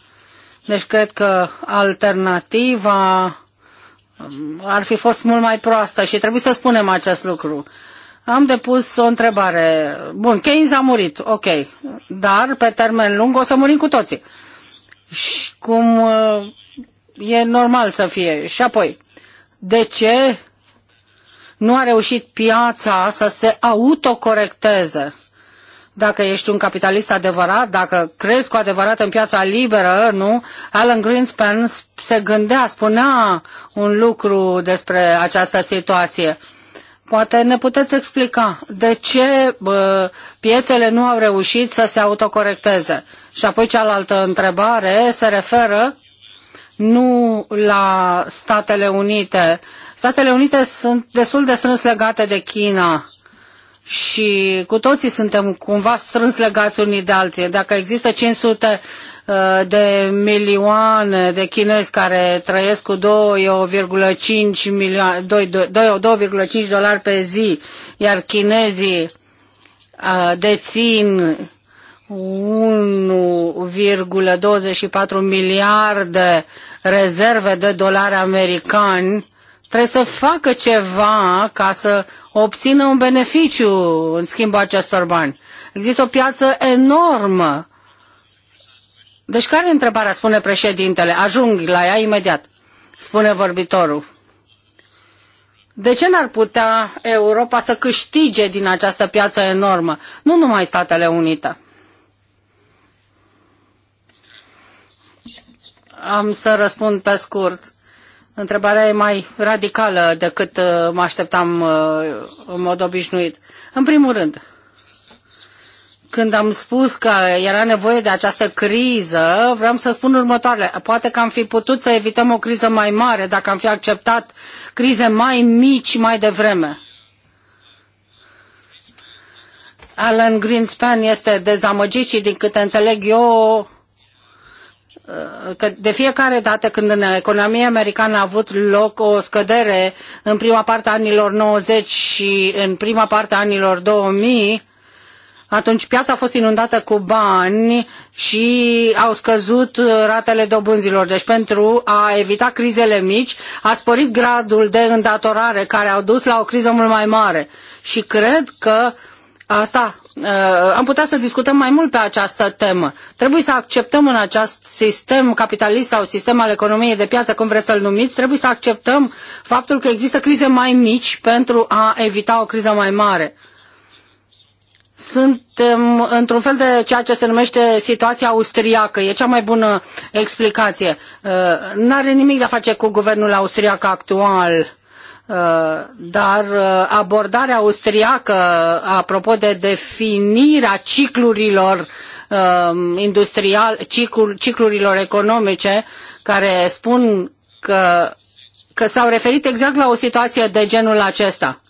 Deci cred că alternativa um, ar fi fost mult mai proastă și trebuie să spunem acest lucru. Am depus o întrebare. Bun, Keynes a murit, ok, dar pe termen lung o să murim cu toții. Și cum uh, e normal să fie. Și apoi, de ce nu a reușit piața să se autocorecteze? Dacă ești un capitalist adevărat, dacă crezi cu adevărat în piața liberă, nu? Alan Greenspan se gândea, spunea un lucru despre această situație. Poate ne puteți explica de ce bă, piețele nu au reușit să se autocorecteze. Și apoi cealaltă întrebare se referă nu la Statele Unite. Statele Unite sunt destul de strâns legate de China și cu toții suntem cumva strâns legați unii de alții. Dacă există 500 uh, de milioane de chinezi care trăiesc cu 2,5 dolari pe zi, iar chinezii uh, dețin 1,24 miliarde rezerve de dolari americani, trebuie să facă ceva ca să obțină un beneficiu în schimbul acestor bani. Există o piață enormă. Deci care e întrebarea, spune președintele? Ajung la ea imediat, spune vorbitorul. De ce n-ar putea Europa să câștige din această piață enormă? Nu numai Statele Unite. Am să răspund pe scurt. Întrebarea e mai radicală decât uh, mă așteptam uh, în mod obișnuit. În primul rând, când am spus că era nevoie de această criză, vreau să spun următoarele. Poate că am fi putut să evităm o criză mai mare dacă am fi acceptat crize mai mici mai devreme. Alan Greenspan este dezamăgit și din câte înțeleg eu că de fiecare dată când în economia americană a avut loc o scădere în prima parte a anilor 90 și în prima parte a anilor 2000, atunci piața a fost inundată cu bani și au scăzut ratele dobânzilor. Deci pentru a evita crizele mici a sporit gradul de îndatorare care au dus la o criză mult mai mare. Și cred că uh, Asta, uh, am putea să discutăm mai mult pe această temă. Trebuie să acceptăm în acest sistem capitalist sau sistem al economiei de piață, cum vreți să-l numiți, trebuie să acceptăm faptul că există crize mai mici pentru a evita o criză mai mare. Suntem într-un fel de ceea ce se numește situația austriacă. E cea mai bună explicație. Uh, n-are nimic de a face cu guvernul austriac actual Uh, dar uh, abordarea austriacă apropo de definirea ciclurilor um, industrial, ciclur, ciclurilor economice care spun că, că s-au referit exact la o situație de genul acesta.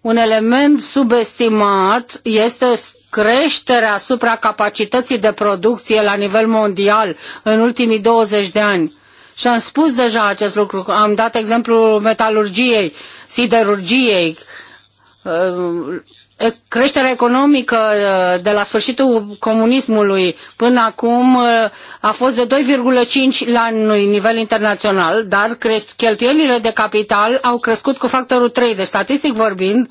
Un element subestimat este creșterea supracapacității de producție la nivel mondial în ultimii 20 de ani și am spus deja acest lucru, am dat exemplu metalurgiei, siderurgiei, uh, creșterea economică uh, de la sfârșitul comunismului până acum uh, a fost de 2,5 la nivel internațional, dar cheltuielile de capital au crescut cu factorul 3. Deci, statistic vorbind,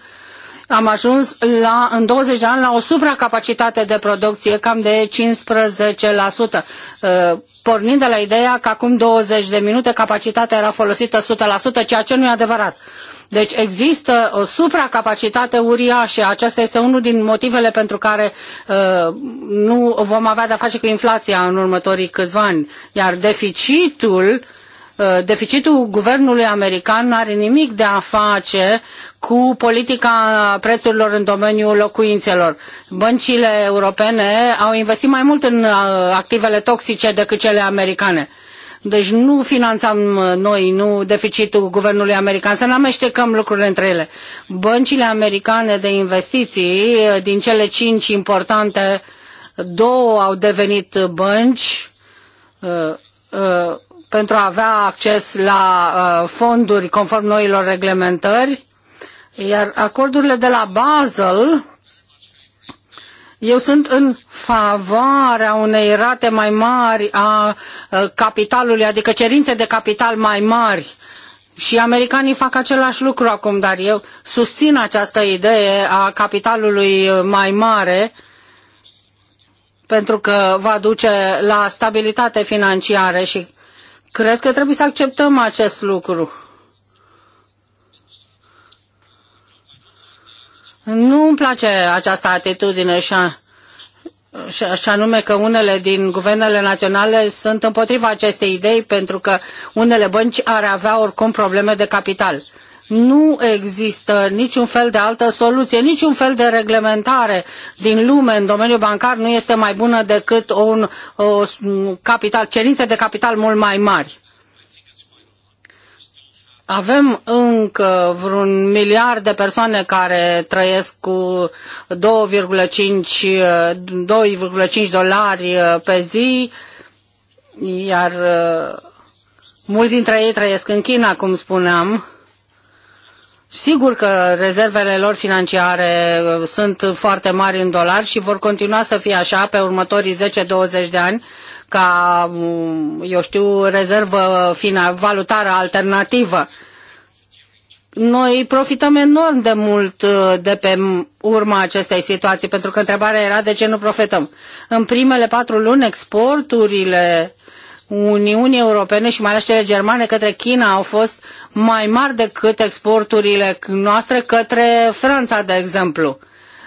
am ajuns la, în 20 de ani la o supracapacitate de producție, cam de 15%, uh, pornind de la ideea că acum 20 de minute capacitatea era folosită 100%, ceea ce nu e adevărat. Deci există o supracapacitate uriașă. Acesta este unul din motivele pentru care uh, nu vom avea de-a face cu inflația în următorii câțiva ani. Iar deficitul uh, Uh, deficitul guvernului american nu are nimic de a face cu politica prețurilor în domeniul locuințelor. Băncile europene au investit mai mult în uh, activele toxice decât cele americane. Deci nu finanțăm uh, noi, nu deficitul guvernului american, să ne amestecăm lucrurile între ele. Băncile americane de investiții, din cele cinci importante, două au devenit bănci, uh, uh, pentru a avea acces la uh, fonduri conform noilor reglementări, iar acordurile de la Basel, eu sunt în favoarea unei rate mai mari a uh, capitalului, adică cerințe de capital mai mari. Și americanii fac același lucru acum, dar eu susțin această idee a capitalului mai mare pentru că va duce la stabilitate financiară și Cred că trebuie să acceptăm acest lucru. Nu îmi place această atitudine și, a, și anume că unele din guvernele naționale sunt împotriva acestei idei pentru că unele bănci ar avea oricum probleme de capital nu există niciun fel de altă soluție, niciun fel de reglementare din lume în domeniul bancar nu este mai bună decât un, o capital, cerințe de capital mult mai mari. Avem încă vreun miliard de persoane care trăiesc cu 2,5 dolari uh, pe zi, iar uh, mulți dintre ei trăiesc în China, cum spuneam. Sigur că rezervele lor financiare uh, sunt foarte mari în dolari și vor continua să fie așa pe următorii 10-20 de ani ca, mm, eu știu, rezervă valutară alternativă. Noi profităm enorm de mult uh, de pe urma acestei situații, pentru că întrebarea era de ce nu profităm. În primele patru luni exporturile Uniunii Europene și mai ales cele germane către China au fost mai mari decât exporturile noastre către Franța, de exemplu.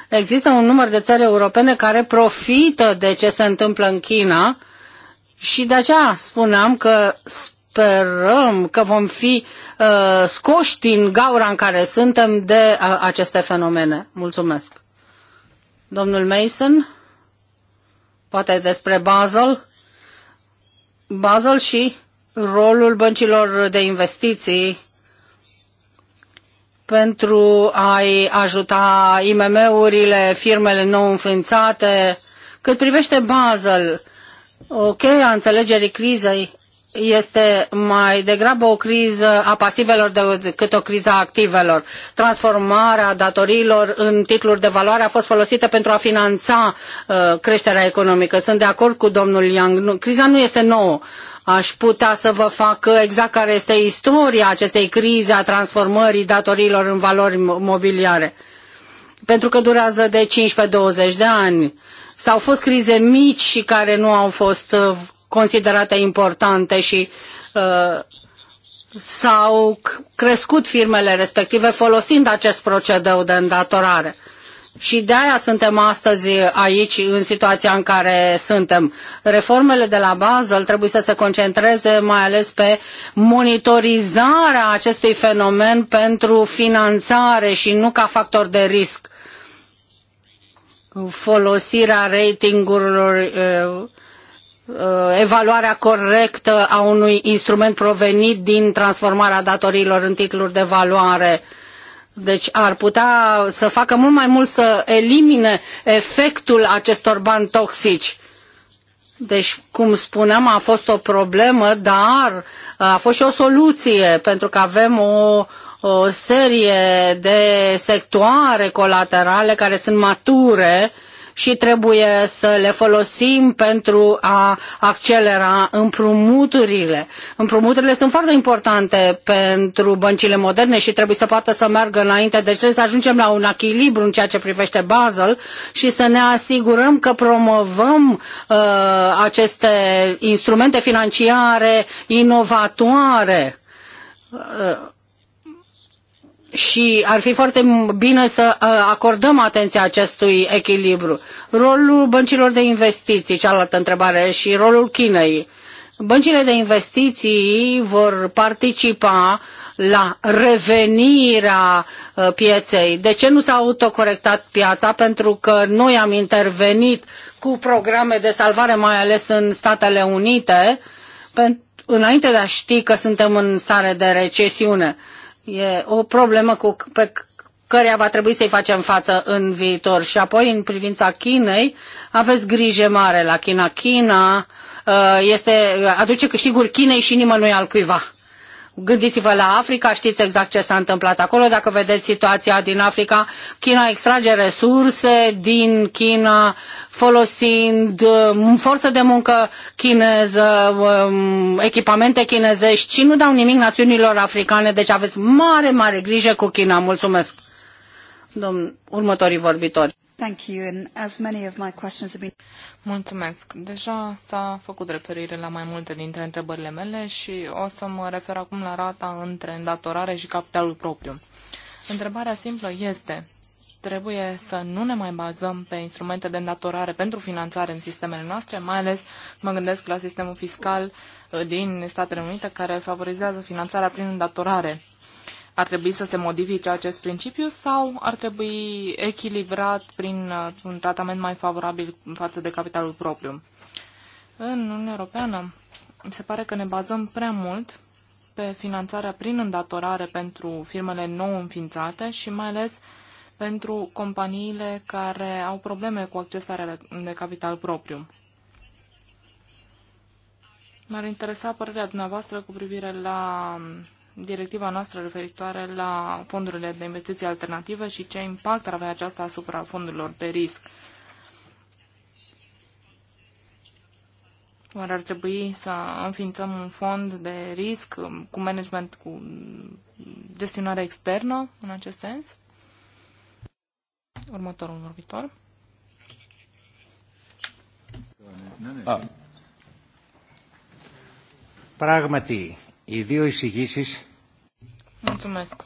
Există un număr de țări europene care profită de ce se întâmplă în China și de aceea spuneam că sperăm că vom fi uh, scoși din gaura în care suntem de uh, aceste fenomene. Mulțumesc. Domnul Mason, poate despre Basel Basel și rolul băncilor de investiții pentru a-i ajuta IMM-urile, firmele nou înființate. Cât privește Basel, ok, a înțelegerii crizei, este mai degrabă o criză a pasivelor decât o criză a activelor. Transformarea datoriilor în titluri de valoare a fost folosită pentru a finanța uh, creșterea economică. Sunt de acord cu domnul Yang. Nu, criza nu este nouă. Aș putea să vă fac uh, exact care este istoria acestei crize a transformării datoriilor în valori mobiliare. Pentru că durează de 15-20 de ani. S-au fost crize mici și care nu au fost uh, considerate importante și uh, s-au crescut firmele respective folosind acest procedeu de îndatorare. Și de aia suntem astăzi aici, în situația în care suntem. Reformele de la bază. trebuie să se concentreze mai ales pe monitorizarea acestui fenomen pentru finanțare și nu ca factor de risc. Folosirea ratingurilor uh, Uh, evaluarea corectă a unui instrument provenit din transformarea datoriilor în titluri de valoare. Deci ar putea să facă mult mai mult să elimine efectul acestor bani toxici. Deci, cum spuneam, a fost o problemă, dar a fost și o soluție, pentru că avem o, o serie de sectoare colaterale care sunt mature uh, și trebuie să le folosim pentru a accelera împrumuturile. Împrumuturile sunt foarte importante pentru băncile moderne și trebuie să poată să meargă înainte. Deci trebuie să ajungem la un echilibru în ceea ce privește Basel și să ne asigurăm că promovăm uh, aceste instrumente financiare inovatoare. Uh, și ar fi foarte bine să uh, acordăm atenția acestui echilibru. Rolul băncilor de investiții, cealaltă întrebare, și rolul Chinei. Băncile de investiții vor participa la revenirea uh, pieței. De ce nu s-a autocorectat piața? Pentru că noi am intervenit cu programe de salvare, mai ales în Statele Unite, înainte de a ști că suntem în stare de recesiune. E o problemă cu, pe căreia va trebui să-i facem față în viitor. Și apoi, în privința Chinei, aveți grijă mare la China. China uh, este, aduce câștiguri Chinei și nimănui cuiva. Gândiți-vă la Africa, știți exact ce s-a întâmplat acolo. Dacă vedeți situația din Africa, China extrage resurse din China folosind um, forță de muncă chineză, um, echipamente chinezești și nu dau nimic națiunilor africane. Deci aveți mare, mare grijă cu China. Mulțumesc, domn, următorii vorbitori. Thank you, and as many of my questions have been... Mulțumesc. Deja s-a făcut referire la mai multe dintre întrebările mele și o să mă refer acum la rata între îndatorare și capitalul propriu. Întrebarea simplă este, trebuie să nu ne mai bazăm pe instrumente de îndatorare pentru finanțare în sistemele noastre, mai ales mă gândesc la sistemul fiscal uh, din Statele Unite care favorizează finanțarea prin îndatorare ar trebui să se modifice acest principiu sau ar trebui echilibrat prin uh, un tratament mai favorabil față de capitalul propriu? În Uniunea Europeană se pare că ne bazăm prea mult pe finanțarea prin îndatorare pentru firmele nou înființate și mai ales pentru companiile care au probleme cu accesarea de capital propriu. M-ar interesa părerea dumneavoastră cu privire la directiva noastră referitoare la fondurile de investiții alternative și ce impact ar avea aceasta asupra fondurilor de risc. Oare ar trebui să înființăm un fond de risc cu management, cu gestionare externă în acest sens? Următorul vorbitor. Ah. Pragmatii. Οι δύο εισηγήσει. Mulțumesc.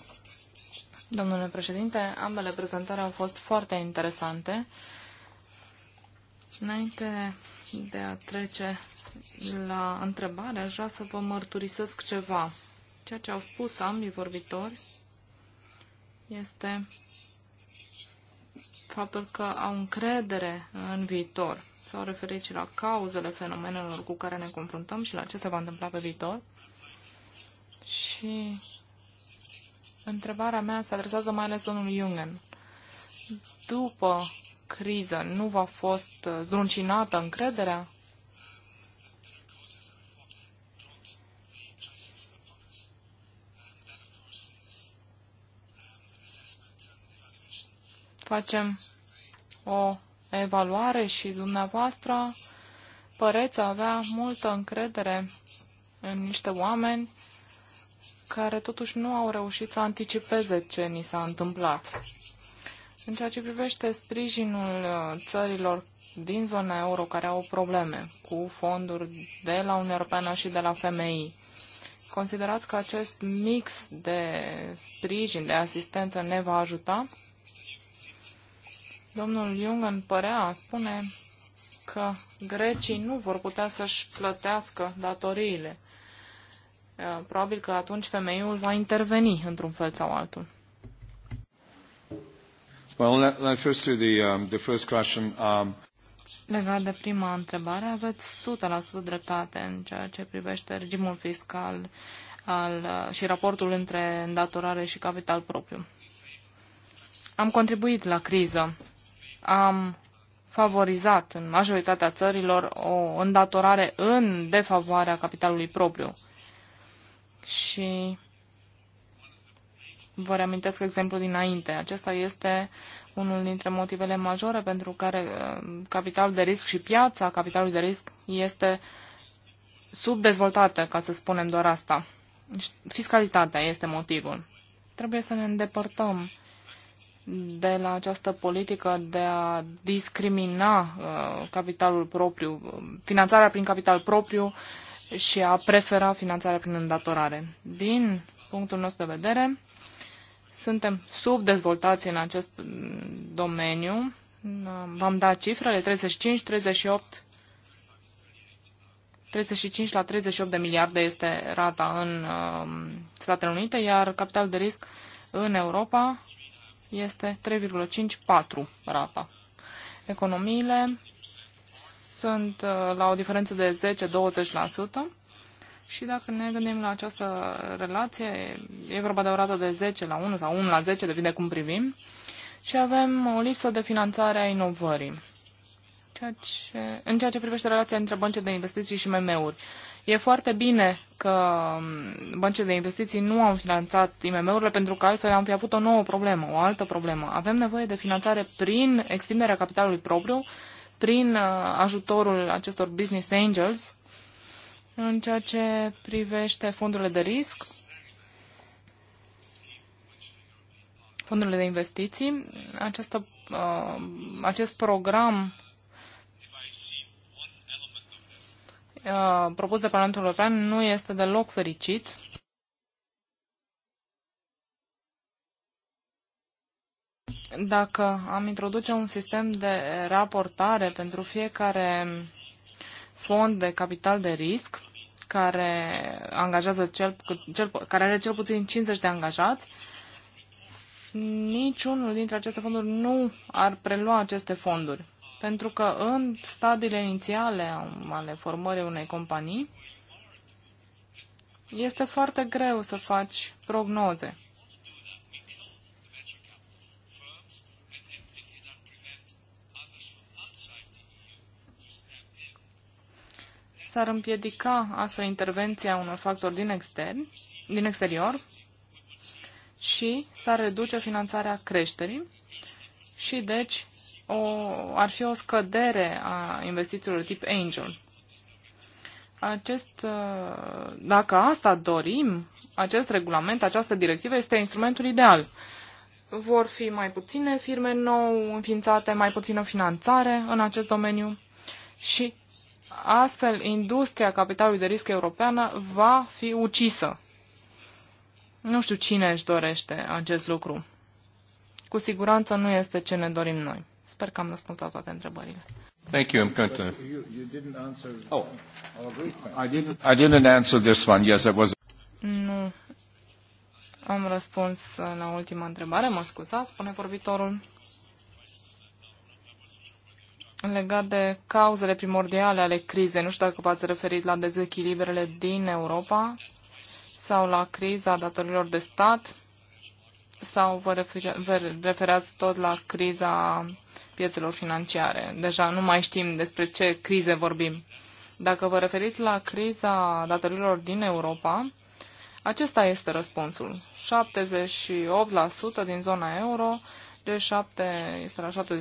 Domnule președinte, ambele prezentări au fost foarte interesante. Înainte de a trece la întrebare, aș vrea să vă mărturisesc ceva. Ceea ce au spus ambii vorbitori este faptul că au încredere în viitor. S-au referit și la cauzele fenomenelor cu care ne confruntăm și la ce se va întâmpla pe viitor. Și întrebarea mea se adresează mai ales domnului Jungen. După criză, nu v-a fost uh, zdruncinată încrederea? Facem o evaluare și dumneavoastră păreți avea multă încredere în niște oameni care totuși nu au reușit să anticipeze ce ni s-a întâmplat. În ceea ce privește sprijinul uh, țărilor din zona euro care au probleme cu fonduri de la Uniunea Europeană și de la FMI, considerați că acest mix de sprijin, de asistență ne va ajuta? Domnul Jung în părea spune că grecii nu vor putea să-și plătească datoriile Eh, probabil că atunci femeiul va interveni într-un fel sau altul. Well, like first to the, um, the first question, um... Legat de prima întrebare, aveți 100% dreptate în ceea ce privește regimul fiscal al, uh, și raportul între îndatorare și capital propriu. Am contribuit la criză. Am favorizat în majoritatea țărilor o îndatorare în defavoarea capitalului propriu și vă reamintesc exemplul dinainte. Acesta este unul dintre motivele majore pentru care uh, capitalul de risc și piața capitalului de risc este subdezvoltată, ca să spunem doar asta. Deci, fiscalitatea este motivul. Trebuie să ne îndepărtăm de la această politică de a discrimina uh, capitalul propriu, uh, finanțarea prin capital propriu și a prefera finanțarea prin îndatorare. Din punctul nostru de vedere, suntem subdezvoltați în acest domeniu. V-am dat cifrele 35, 38, 35 la 38 de miliarde este rata în um, Statele Unite, iar capital de risc în Europa este 3,54 rata. Economiile sunt uh, la o diferență de 10-20% și dacă ne gândim la această relație, e vorba de o rată de 10 la 1 sau 1 la 10, depinde cum privim, și avem o lipsă de finanțare a inovării. Ceea ce, în ceea ce privește relația între bănci de investiții și MM-uri. E foarte bine că um, băncile de investiții nu au finanțat IMM-urile pentru că altfel am fi avut o nouă problemă, o altă problemă. Avem nevoie de finanțare prin extinderea capitalului propriu prin uh, ajutorul acestor business angels în ceea ce privește fondurile de risc, fondurile de investiții. Această, uh, acest program uh, propus de Parlamentul European nu este deloc fericit. dacă am introduce un sistem de raportare pentru fiecare fond de capital de risc care angajează cel, cel care are cel puțin 50 de angajați, niciunul dintre aceste fonduri nu ar prelua aceste fonduri. Pentru că în stadiile inițiale ale formării unei companii, este foarte greu să faci prognoze. s-ar împiedica astfel intervenția unor factori din, extern, din exterior și s-ar reduce finanțarea creșterii și deci o, ar fi o scădere a investițiilor de tip angel. Acest, uh, dacă asta dorim, acest regulament, această directivă este instrumentul ideal. Vor fi mai puține firme nou înființate, mai puțină finanțare în acest domeniu și Astfel, industria capitalului de risc europeană va fi ucisă. Nu știu cine își dorește acest lucru. Cu siguranță nu este ce ne dorim noi. Sper că am răspuns la toate întrebările. Thank you. I'm going to. Oh, I didn't. I didn't answer this one. Yes, I was. Nu. Am răspuns la ultima întrebare, mă scuzați, spune vorbitorul legat de cauzele primordiale ale crizei. Nu știu dacă v-ați referit la dezechilibrele din Europa sau la criza datorilor de stat sau vă, vă referați tot la criza piețelor financiare. Deja nu mai știm despre ce crize vorbim. Dacă vă referiți la criza datorilor din Europa, acesta este răspunsul. 78% din zona euro, de 7 este la 75%,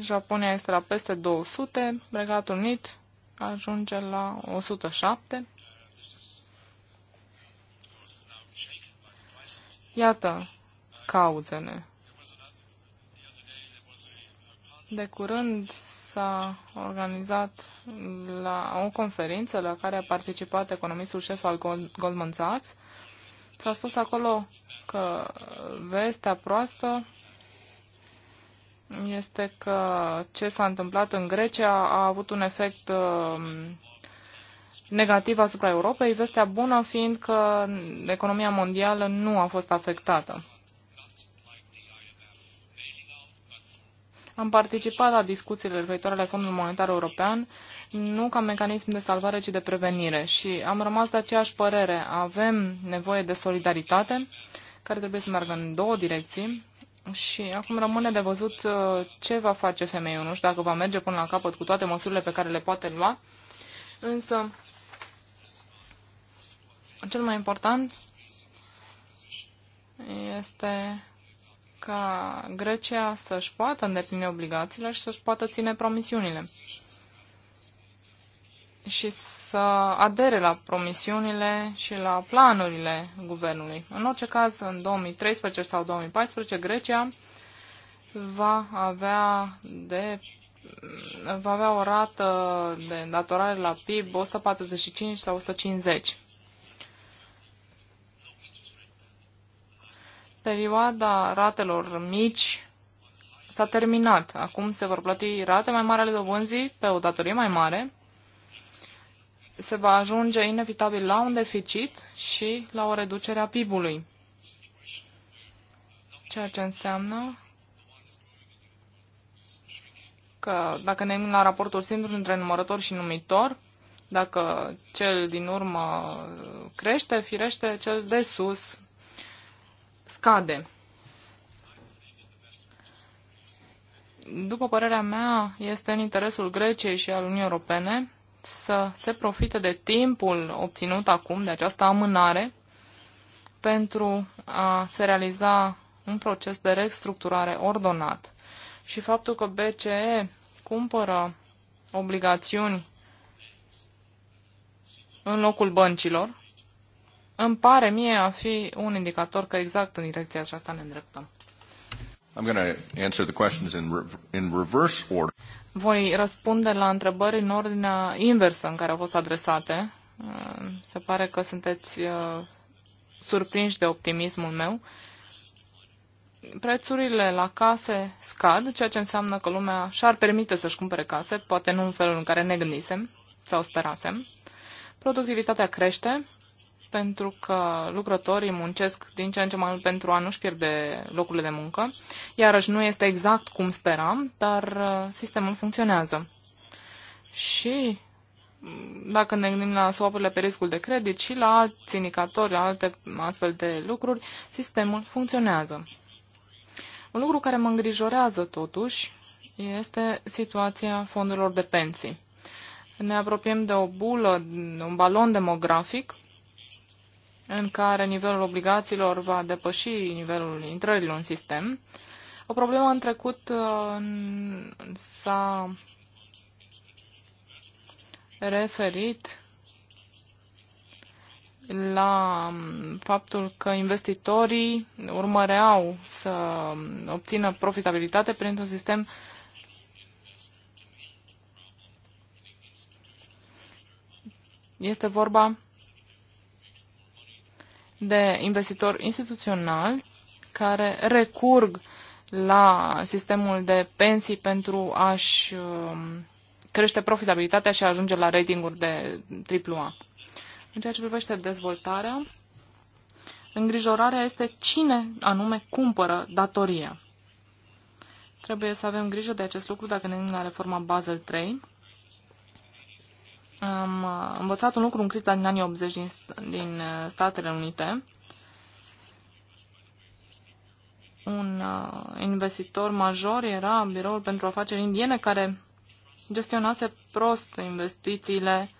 Japonia este la peste 200, Regatul Unit ajunge la 107. Iată cauzele. De curând s-a organizat la o conferință la care a participat economistul șef al Goldman Sachs. S-a spus acolo că vestea proastă este că ce s-a întâmplat în Grecia a avut un efect um, negativ asupra Europei, vestea bună fiind că economia mondială nu a fost afectată. Am participat la discuțiile referitoare la Fondul Monetar European, nu ca mecanism de salvare, ci de prevenire. Și am rămas de aceeași părere. Avem nevoie de solidaritate, care trebuie să meargă în două direcții. Și acum rămâne de văzut uh, ce va face femeiul. Nu știu dacă va merge până la capăt cu toate măsurile pe care le poate lua, însă cel mai important este ca Grecia să-și poată îndeplini obligațiile și să-și poată ține promisiunile și să adere la promisiunile și la planurile guvernului. În orice caz, în 2013 sau 2014, Grecia va avea de va avea o rată de datorare la PIB 145 sau 150. Perioada ratelor mici s-a terminat. Acum se vor plăti rate mai mari ale dobânzii pe o datorie mai mare se va ajunge inevitabil la un deficit și la o reducere a PIB-ului. Ceea ce înseamnă că dacă ne la raportul simplu între numărător și numitor, dacă cel din urmă crește, firește, cel de sus scade. După părerea mea, este în interesul Greciei și al Uniunii Europene să se profite de timpul obținut acum de această amânare pentru a se realiza un proces de restructurare ordonat. Și faptul că BCE cumpără obligațiuni în locul băncilor, îmi pare mie a fi un indicator că exact în direcția aceasta ne îndreptăm. I'm going to answer the questions in, re in reverse order. Voi răspunde la întrebări în ordinea inversă în care au fost adresate. Uh, se pare că sunteți uh, surprinși de optimismul meu. Prețurile la case scad, ceea ce înseamnă că lumea și-ar permite să-și cumpere case, poate nu în felul în care ne gândisem sau sperasem. Productivitatea crește, pentru că lucrătorii muncesc din ce în ce mai mult pentru a nu-și pierde locurile de muncă. Iarăși nu este exact cum speram, dar uh, sistemul funcționează. Și mm, dacă ne gândim la swapurile pe riscul de credit și la alți indicatori, la alte astfel de lucruri, sistemul funcționează. Un lucru care mă îngrijorează totuși este situația fondurilor de pensii. Ne apropiem de o bulă, un balon demografic în care nivelul obligațiilor va depăși nivelul intrărilor în sistem. O problemă în trecut uh, s-a referit la um, faptul că investitorii urmăreau să um, obțină profitabilitate printr-un sistem este vorba de investitori instituționali care recurg la sistemul de pensii pentru a-și um, crește profitabilitatea și a ajunge la ratinguri de AAA. În ceea ce privește dezvoltarea, îngrijorarea este cine anume cumpără datoria. Trebuie să avem grijă de acest lucru dacă ne gândim la reforma Basel III. Am uh, învățat un lucru în criza din anii 80 din, din uh, Statele Unite. Un uh, investitor major era biroul pentru afaceri indiene care gestionase prost investițiile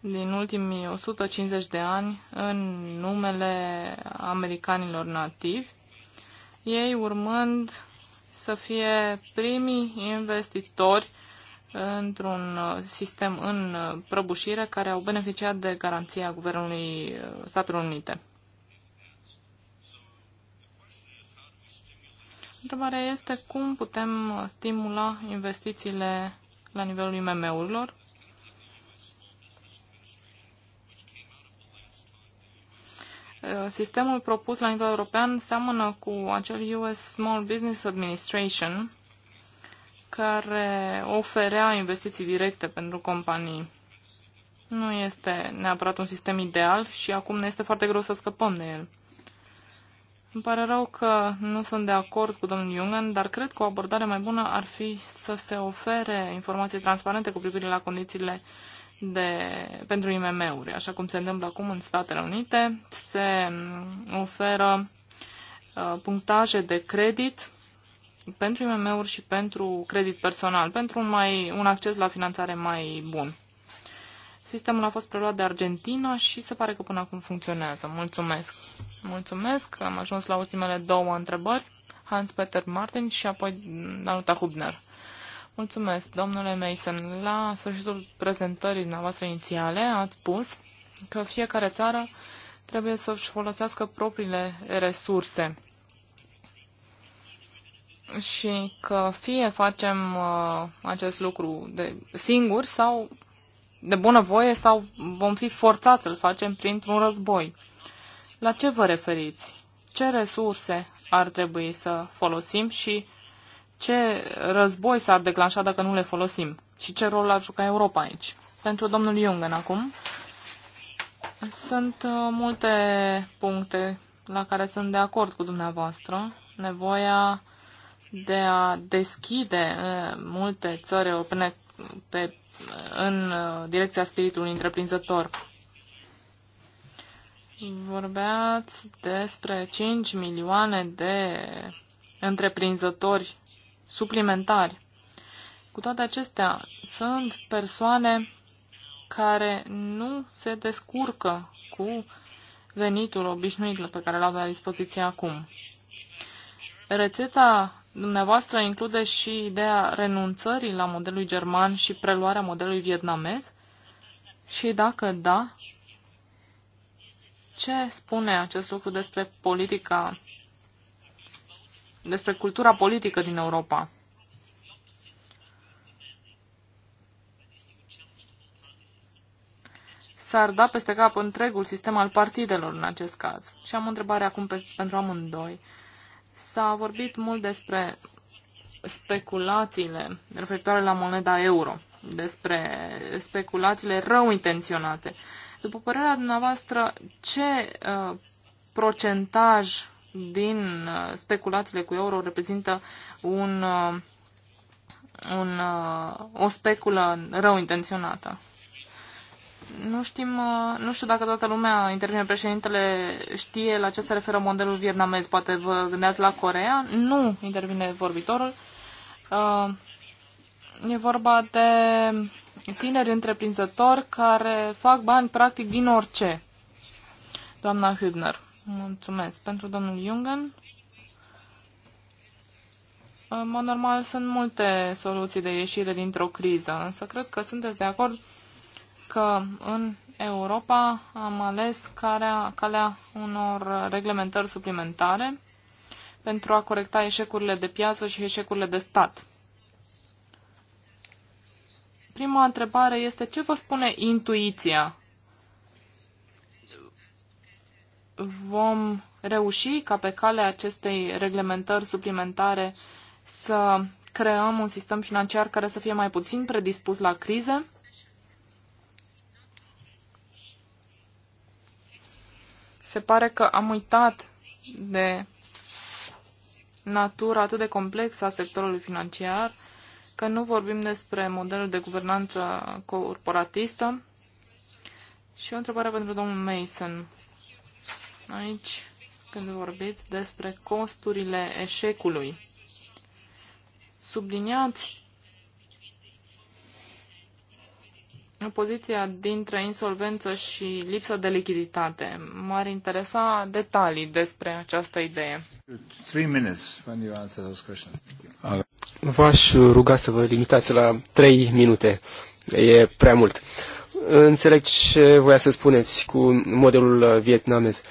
din ultimii 150 de ani în numele americanilor nativi, ei urmând să fie primii investitori într-un uh, sistem în uh, prăbușire care au beneficiat de garanția Guvernului uh, Statelor Unite. Întrebarea este cum putem stimula investițiile la nivelul IMM-urilor Sistemul propus la nivel european seamănă cu acel US Small Business Administration, care oferea investiții directe pentru companii. Nu este neapărat un sistem ideal și acum ne este foarte greu să scăpăm de el. Îmi pare rău că nu sunt de acord cu domnul Jungen, dar cred că o abordare mai bună ar fi să se ofere informații transparente cu privire la condițiile de, pentru IMM-uri. Așa cum se întâmplă acum în Statele Unite, se oferă uh, punctaje de credit pentru IMM-uri și pentru credit personal, pentru un, mai, un acces la finanțare mai bun. Sistemul a fost preluat de Argentina și se pare că până acum funcționează. Mulțumesc! Mulțumesc! Am ajuns la ultimele două întrebări. Hans-Peter Martin și apoi Danuta Hubner. Mulțumesc, domnule Mason. La sfârșitul prezentării noastre inițiale ați spus că fiecare țară trebuie să-și folosească propriile resurse și că fie facem uh, acest lucru de singur sau de bunăvoie sau vom fi forțați să-l facem printr-un război. La ce vă referiți? Ce resurse ar trebui să folosim și ce război s-ar declanșa dacă nu le folosim? Și ce rol ar juca Europa aici? Pentru domnul Jungen acum, sunt uh, multe puncte la care sunt de acord cu dumneavoastră. Nevoia uh, de a deschide multe țări europene pe, în direcția spiritului întreprinzător. Vorbeați despre 5 milioane de întreprinzători suplimentari. Cu toate acestea, sunt persoane care nu se descurcă cu venitul obișnuit pe care l-au la dispoziție acum. Rețeta dumneavoastră include și ideea renunțării la modelul german și preluarea modelului vietnamez? Și dacă da, ce spune acest lucru despre politica, despre cultura politică din Europa? s-ar da peste cap întregul sistem al partidelor în acest caz. Și am o întrebare acum pe, pentru amândoi. Uh, S-a vorbit mult despre speculațiile referitoare la moneda euro, despre speculațiile rău intenționate. După părerea dumneavoastră, ce uh, procentaj din uh, speculațiile cu euro reprezintă un, uh, un, uh, o speculă rău intenționată? Nu, știm, uh, nu știu dacă toată lumea, intervine președintele, știe la ce se referă modelul vietnamez. Poate vă gândeați la Corea. Nu intervine vorbitorul. Uh, e vorba de tineri întreprinzători care fac bani practic din orice. Doamna Hübner, mulțumesc pentru domnul Jungen. În mod normal sunt multe soluții de ieșire dintr-o criză, însă cred că sunteți de acord că în Europa am ales calea, calea unor reglementări suplimentare pentru a corecta eșecurile de piață și eșecurile de stat. Prima întrebare este ce vă spune intuiția? Vom reuși ca pe calea acestei reglementări suplimentare să creăm un sistem financiar care să fie mai puțin predispus la crize? Se pare că am uitat de natura atât de complexă a sectorului financiar, că nu vorbim despre modelul de guvernanță corporatistă. Și o întrebare pentru domnul Mason. Aici, când vorbiți despre costurile eșecului, subliniați poziția dintre insolvență și lipsa de lichiditate. M-ar interesa detalii despre această idee. V-aș ruga să vă limitați la trei minute. E prea mult. Înțeleg ce voia să spuneți cu modelul vietnamez.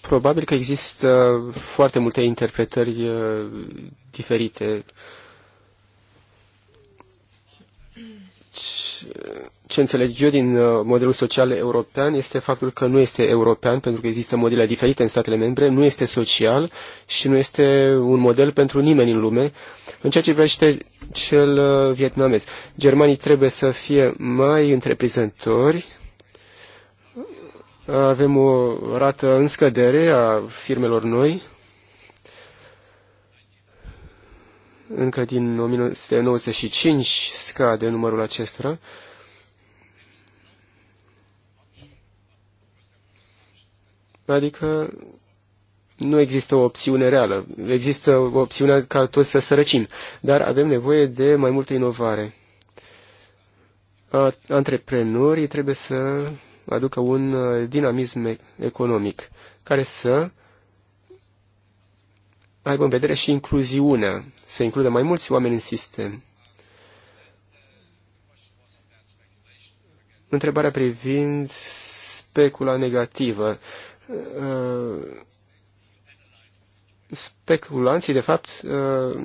Probabil că există foarte multe interpretări diferite. Ce înțeleg eu din uh, modelul social european este faptul că nu este european, pentru că există modele diferite în statele membre, nu este social și nu este un model pentru nimeni în lume. În ceea ce privește cel uh, vietnamez, germanii trebuie să fie mai întreprinzători, avem o rată în scădere a firmelor noi încă din 1995 scade numărul acestora. Adică nu există o opțiune reală. Există o opțiune ca toți să sărăcim, dar avem nevoie de mai multă inovare. Antreprenorii trebuie să aducă un uh, dinamism economic care să aibă în vedere și incluziunea, să includă mai mulți oameni în sistem. Întrebarea privind specula negativă. Uh, speculanții, de fapt, uh,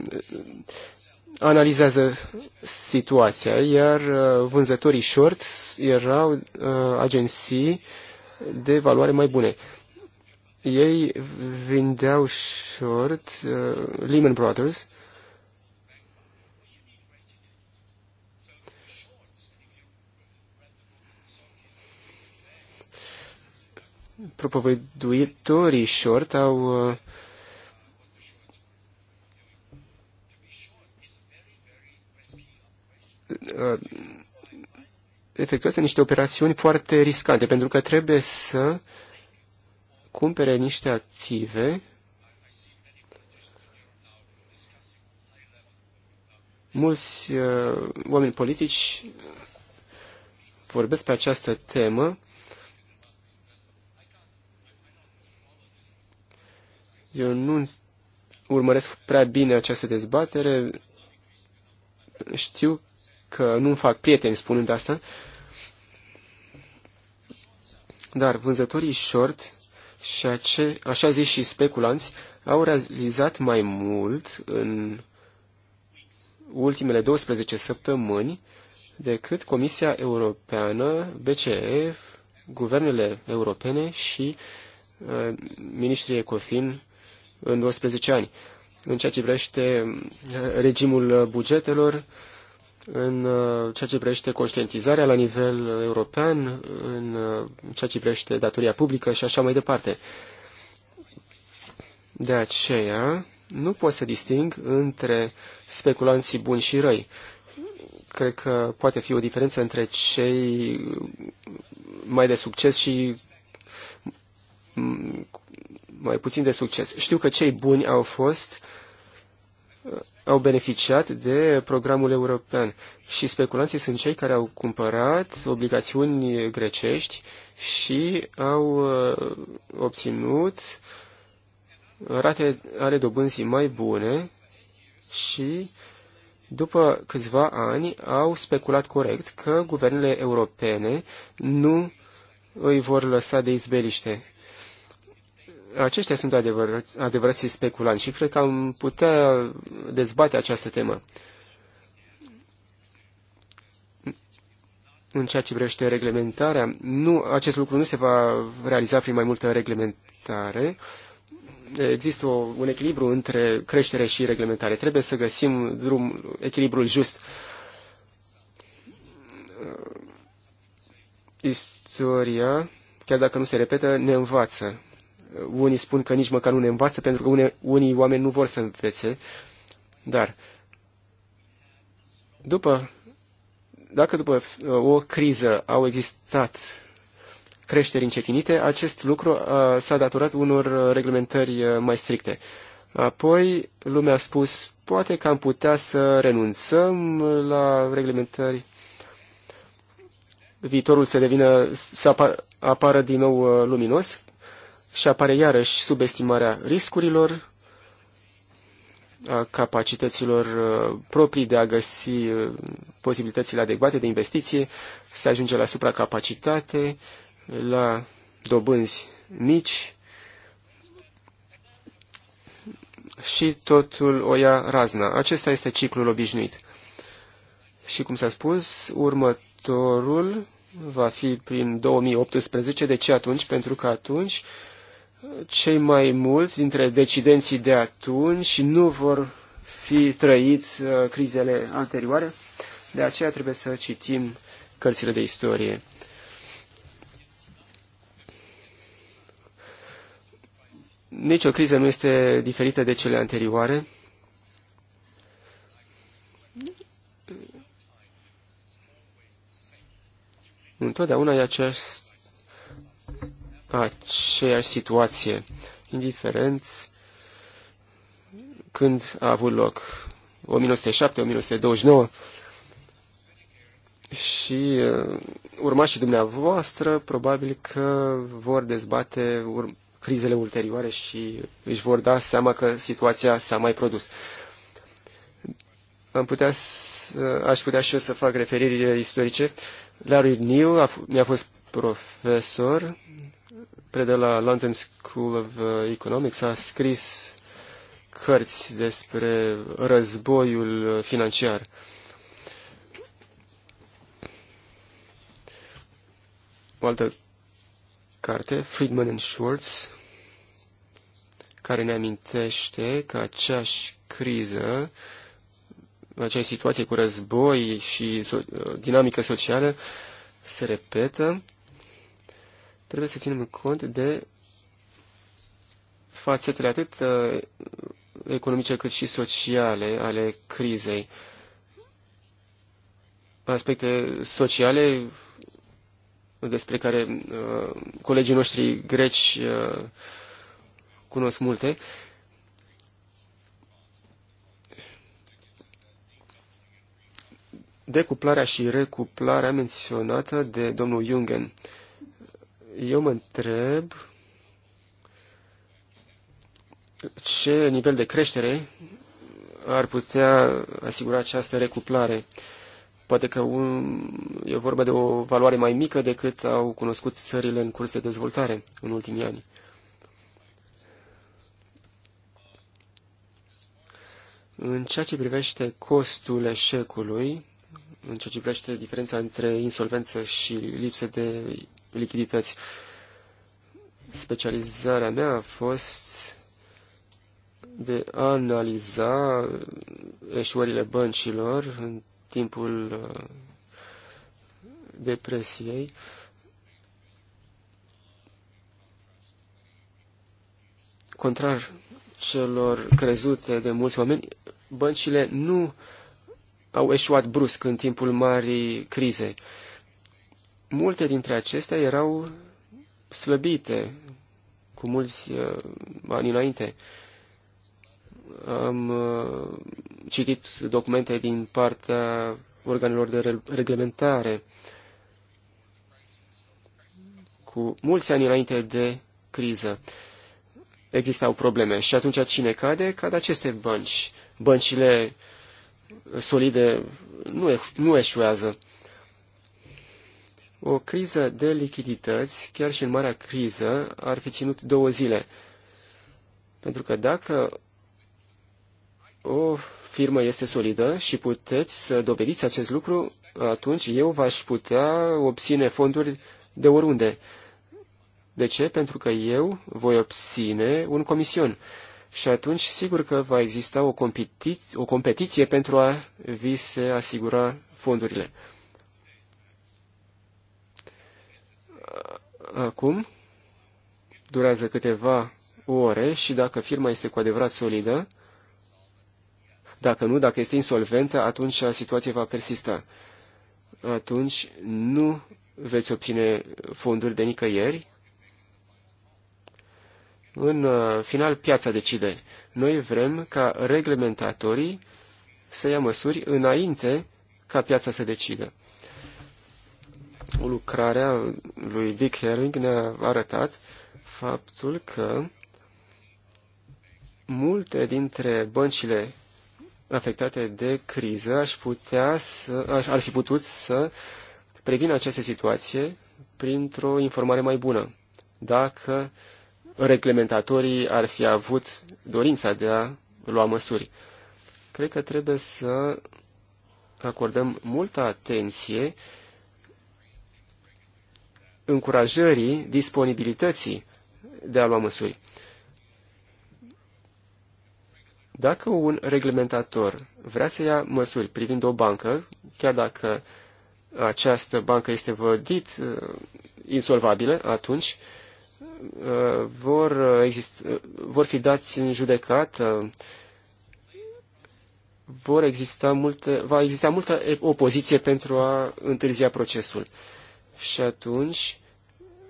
analizează situația, iar uh, vânzătorii short erau agenții de valoare mai bune ei vindeau short uh, Lehman Brothers propovăduitorii short au uh, uh, efectuează niște operațiuni foarte riscante, pentru că trebuie să uh, cumpere niște active mulți uh, oameni politici vorbesc pe această temă. Eu nu urmăresc prea bine această dezbatere. Știu că nu-mi fac prieteni spunând asta. Dar vânzătorii short și ace, așa zis și speculanți au realizat mai mult în ultimele 12 săptămâni decât Comisia Europeană, BCE, guvernele europene și uh, ministrii ECOFIN în 12 ani. În ceea ce privește uh, regimul bugetelor, în uh, ceea ce privește conștientizarea la nivel uh, european, în uh, ceea ce privește datoria publică și așa mai departe. De aceea, nu pot să disting între speculanții buni și răi. Cred că poate fi o diferență între cei mai de succes și mai puțin de succes. Știu că cei buni au fost uh, au beneficiat de programul european și speculanții sunt cei care au cumpărat obligațiuni grecești și au uh, obținut rate ale dobânzii mai bune și după câțiva ani au speculat corect că guvernele europene nu îi vor lăsa de izbeliște aceștia sunt adevărați, adevărații speculanți și cred că am putea dezbate această temă. În ceea ce privește reglementarea, nu, acest lucru nu se va realiza prin mai multă reglementare. Există o, un echilibru între creștere și reglementare. Trebuie să găsim drum, echilibrul just istoria, chiar dacă nu se repetă, ne învață. Unii spun că nici măcar nu ne învață, pentru că une, unii oameni nu vor să învețe. Dar, după, dacă după uh, o criză au existat creșteri încetinite, acest lucru uh, s-a datorat unor uh, reglementări mai stricte. Apoi, lumea a spus, poate că am putea să renunțăm la reglementări. Viitorul să devină, să apară, apară din nou luminos și apare iarăși subestimarea riscurilor, a capacităților uh, proprii de a găsi uh, posibilitățile adecvate de investiție, se ajunge la supracapacitate, la dobânzi mici și totul o ia razna. Acesta este ciclul obișnuit. Și cum s-a spus, următorul va fi prin 2018. De ce atunci? Pentru că atunci uh, cei mai mulți dintre decidenții de atunci și nu vor fi trăit uh, crizele anterioare. De aceea trebuie să citim cărțile de istorie. Nici o criză nu este diferită de cele anterioare. Întotdeauna e aceast, aceeași situație, indiferent când a avut loc 1907-1929 și uh, urmașii dumneavoastră probabil că vor dezbate crizele ulterioare și își vor da seama că situația s-a mai produs. Am putea să, aș putea și eu să fac referiri istorice. Larry New mi-a fost profesor de la London School of uh, Economics a scris cărți despre războiul uh, financiar. O altă carte, Friedman and Schwartz, care ne amintește că aceeași criză, acea situație cu război și so- uh, dinamică socială se repetă trebuie să ținem cont de fațetele atât uh, economice cât și sociale ale crizei. Aspecte sociale despre care uh, colegii noștri greci uh, cunosc multe. Decuplarea și recuplarea menționată de domnul Jungen. Uh, eu mă întreb ce nivel de creștere ar putea asigura această recuplare. Poate că un, e vorba de o valoare mai mică decât au cunoscut țările în curs de dezvoltare în ultimii ani. În ceea ce privește costul eșecului, în ceea ce privește diferența între insolvență și lipsă de lichidități. Specializarea mea a fost de a analiza eșuările băncilor în timpul uh, depresiei. Contrar celor crezute de mulți oameni, băncile nu au eșuat brusc în timpul marii crizei multe dintre acestea erau slăbite cu mulți uh, ani înainte. Am uh, citit documente din partea organelor de reglementare cu mulți ani înainte de criză. Existau probleme și atunci cine cade? Cad aceste bănci. Băncile solide nu, nu eșuează o criză de lichidități, chiar și în marea criză, ar fi ținut două zile. Pentru că dacă o firmă este solidă și puteți să dovediți acest lucru, atunci eu v-aș putea obține fonduri de oriunde. De ce? Pentru că eu voi obține un comision. Și atunci, sigur că va exista o, competi- o competiție pentru a vi se asigura fondurile. acum, durează câteva ore și dacă firma este cu adevărat solidă, dacă nu, dacă este insolventă, atunci situația va persista. Atunci nu veți obține fonduri de nicăieri. În uh, final, piața decide. Noi vrem ca reglementatorii să ia măsuri înainte ca piața să decidă lucrarea lui Dick Herring ne-a arătat faptul că multe dintre băncile afectate de criză aș putea să, ar fi putut să prevină această situație printr-o informare mai bună. Dacă reglementatorii ar fi avut dorința de a lua măsuri. Cred că trebuie să acordăm multă atenție încurajării disponibilității de a lua măsuri. Dacă un reglementator vrea să ia măsuri privind o bancă, chiar dacă această bancă este vădit uh, insolvabilă, atunci uh, vor, uh, exist, vor fi dați în judecat, vor exista multe, va exista multă opoziție pentru a întârzia procesul. Și atunci,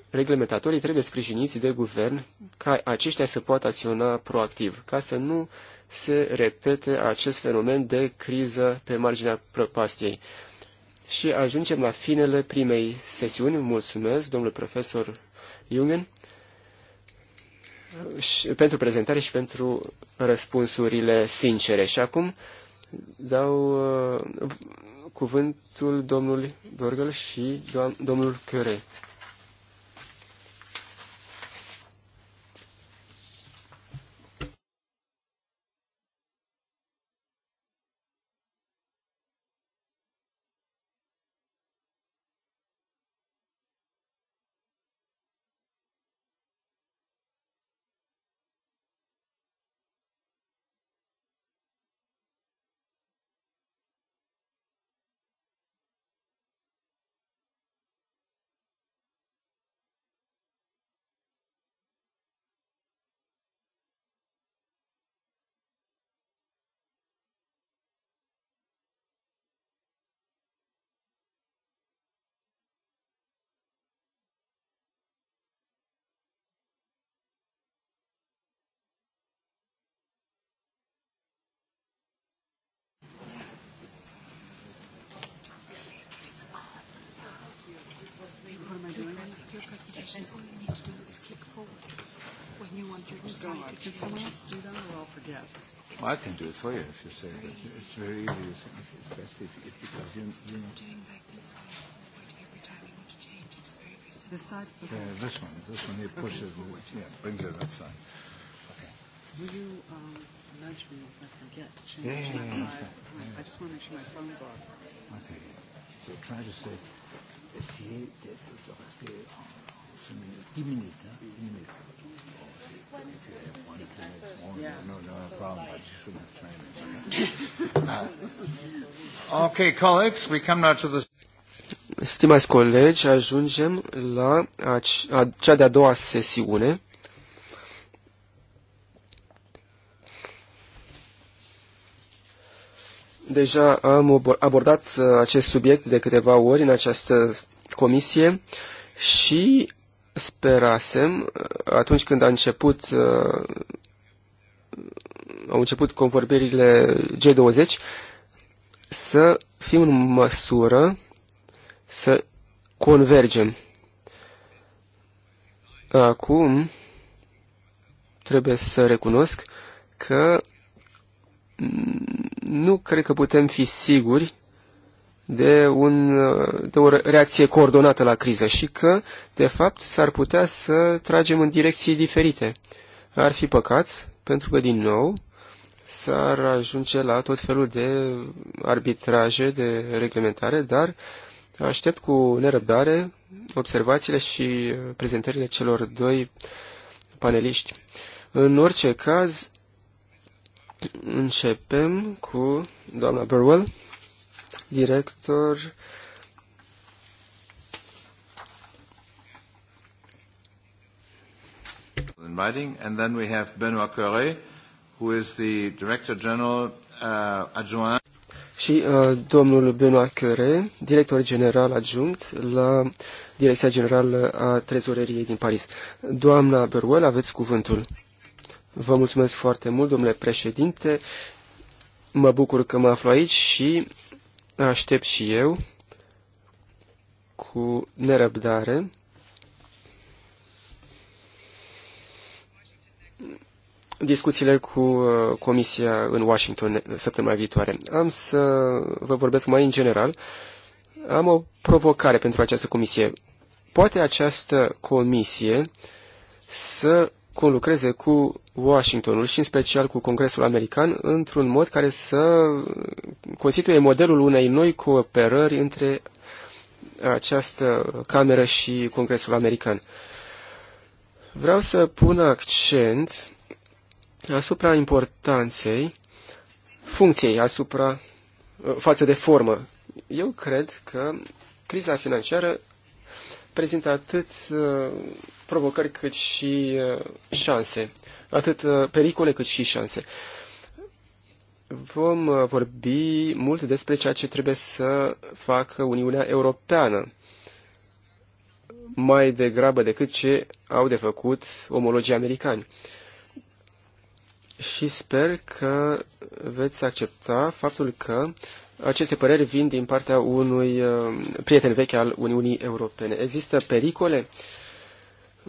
reglementatorii trebuie sprijiniți de guvern ca aceștia să poată acționa proactiv, ca să nu se repete acest fenomen de criză pe marginea prăpastiei. Și ajungem la finele primei sesiuni. Mulțumesc, domnule profesor Jungen, pentru prezentare și pentru răspunsurile sincere. Și acum dau, cuvântul domnului Dorgăl și domnul Căre. so much. Could someone else do them, or I'll forget? Well, I can do it for you if you say that. It's very easy. It's best if, if because you, you know. doing like this every time you want to change. It's very, very This side? Okay. Yeah, this one. This one you push it. Yeah, brings it that side. Okay. Will you um, nudge me if I forget to change? Yeah, yeah, yeah, yeah. I just want to make sure my phone's off. Okay. So try to say, essayer d'être, de rester en 5 minutes, we come now to the... Stimați colegi, ajungem la cea de-a doua sesiune. Deja am abordat uh, acest subiect de câteva ori în această comisie și sperasem uh, atunci când a început uh, au început convorbirile G20 să fim în măsură să convergem. Acum trebuie să recunosc că nu cred că putem fi siguri de, un, de o reacție coordonată la criză și că, de fapt, s-ar putea să tragem în direcții diferite. Ar fi păcat, pentru că, din nou, s-ar ajunge la tot felul de arbitraje, de reglementare, dar aștept cu nerăbdare observațiile și prezentările celor doi paneliști. În orice caz, începem cu doamna Burwell director. In writing, and then we have Benoît Curé, who is the Director General uh, adjoint. Și uh, domnul Benoît Curé, director general adjunct la Direcția Generală a Trezoreriei din Paris. Doamna Beruel, aveți cuvântul. Vă mulțumesc foarte mult, domnule președinte. Mă bucur că mă aflu aici și aștept și eu cu nerăbdare discuțiile cu uh, Comisia în Washington săptămâna viitoare. Am să vă vorbesc mai în general. Am o provocare pentru această comisie. Poate această comisie să conlucreze cu Washingtonul și în special cu Congresul American într-un mod care să constituie modelul unei noi cooperări între această cameră și Congresul American. Vreau să pun accent asupra importanței funcției asupra față de formă. Eu cred că criza financiară prezintă atât uh, provocări cât și uh, șanse, atât uh, pericole cât și șanse. Vom uh, vorbi mult despre ceea ce trebuie să facă Uniunea Europeană, mai degrabă decât ce au de făcut omologii americani. Și sper că veți accepta faptul că aceste păreri vin din partea unui prieten vechi al Uniunii Europene. Există pericole uh,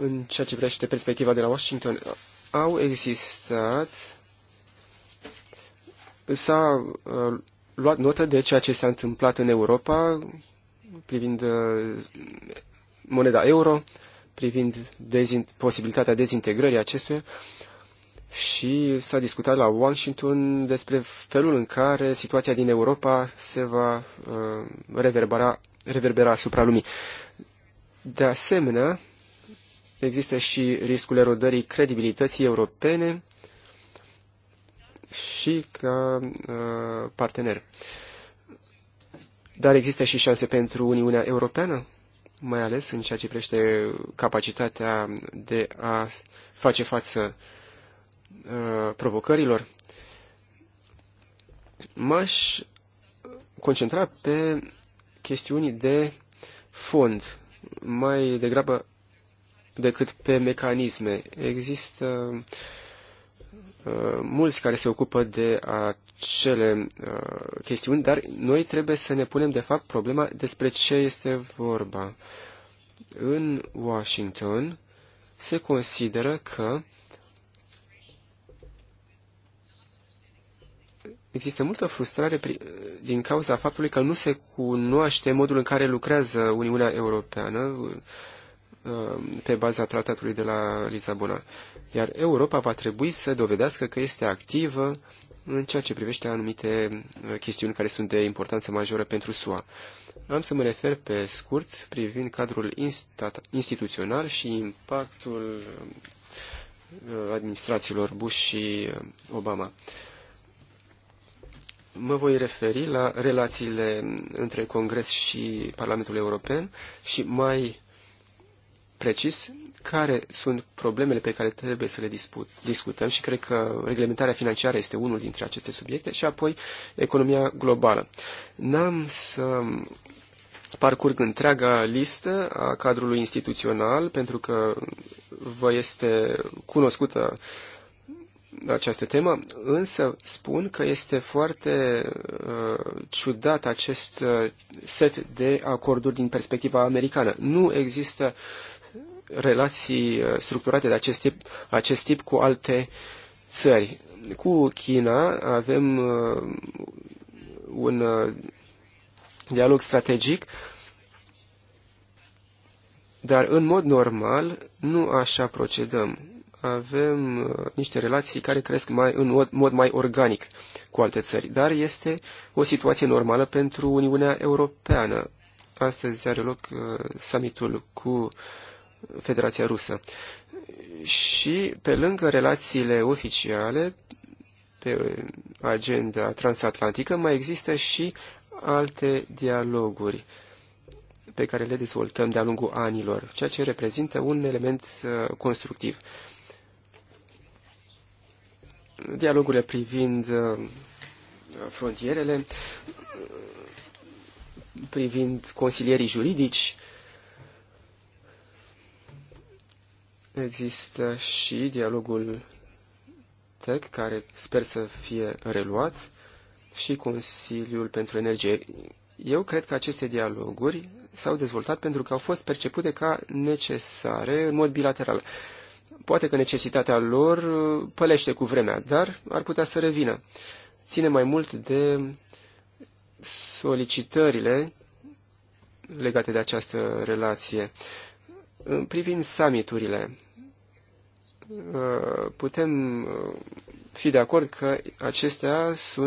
în ceea ce privește perspectiva de la Washington, au existat, s-a uh, luat notă de ceea ce s-a întâmplat în Europa privind uh, moneda euro, privind dezin- posibilitatea dezintegrării acestuia și s-a discutat la Washington despre felul în care situația din Europa se va uh, reverbera, reverbera asupra lumii. De asemenea, există și riscul erodării credibilității europene și ca uh, partener. Dar există și șanse pentru Uniunea Europeană, mai ales în ceea ce privește capacitatea de a face față uh, provocărilor. M-aș concentra pe chestiuni de fond, mai degrabă decât pe mecanisme. Există uh, mulți care se ocupă de acele uh, chestiuni, dar noi trebuie să ne punem, de fapt, problema despre ce este vorba. În Washington se consideră că Există multă frustrare din cauza faptului că nu se cunoaște modul în care lucrează Uniunea Europeană, Uh, pe baza tratatului de la Lisabona. Iar Europa va trebui să dovedească că este activă în ceea ce privește anumite uh, chestiuni care sunt de importanță majoră pentru SUA. Am să mă refer pe scurt privind cadrul instituțional și impactul uh, administrațiilor Bush și Obama. Mă voi referi la relațiile între Congres și Parlamentul European și mai precis care sunt problemele pe care trebuie să le disput, discutăm și cred că reglementarea financiară este unul dintre aceste subiecte și apoi economia globală. N-am să parcurg întreaga listă a cadrului instituțional pentru că vă este cunoscută această temă, însă spun că este foarte uh, ciudat acest uh, set de acorduri din perspectiva americană. Nu există relații uh, structurate de acest tip, acest tip cu alte țări. Cu China avem uh, un uh, dialog strategic, dar în mod normal nu așa procedăm. Avem niște relații care cresc mai, în mod, mod mai organic cu alte țări, dar este o situație normală pentru Uniunea Europeană. Astăzi are loc summitul cu Federația Rusă. Și pe lângă relațiile oficiale, pe agenda transatlantică, mai există și alte dialoguri pe care le dezvoltăm de-a lungul anilor, ceea ce reprezintă un element uh, constructiv. Dialogurile privind uh, frontierele, privind consilierii juridici, Există și dialogul TEC, care sper să fie reluat, și Consiliul pentru Energie. Eu cred că aceste dialoguri s-au dezvoltat pentru că au fost percepute ca necesare în mod bilateral. Poate că necesitatea lor pălește cu vremea, dar ar putea să revină. Ține mai mult de solicitările legate de această relație. Privind summiturile, putem uh, uh, fi de acord că acestea sunt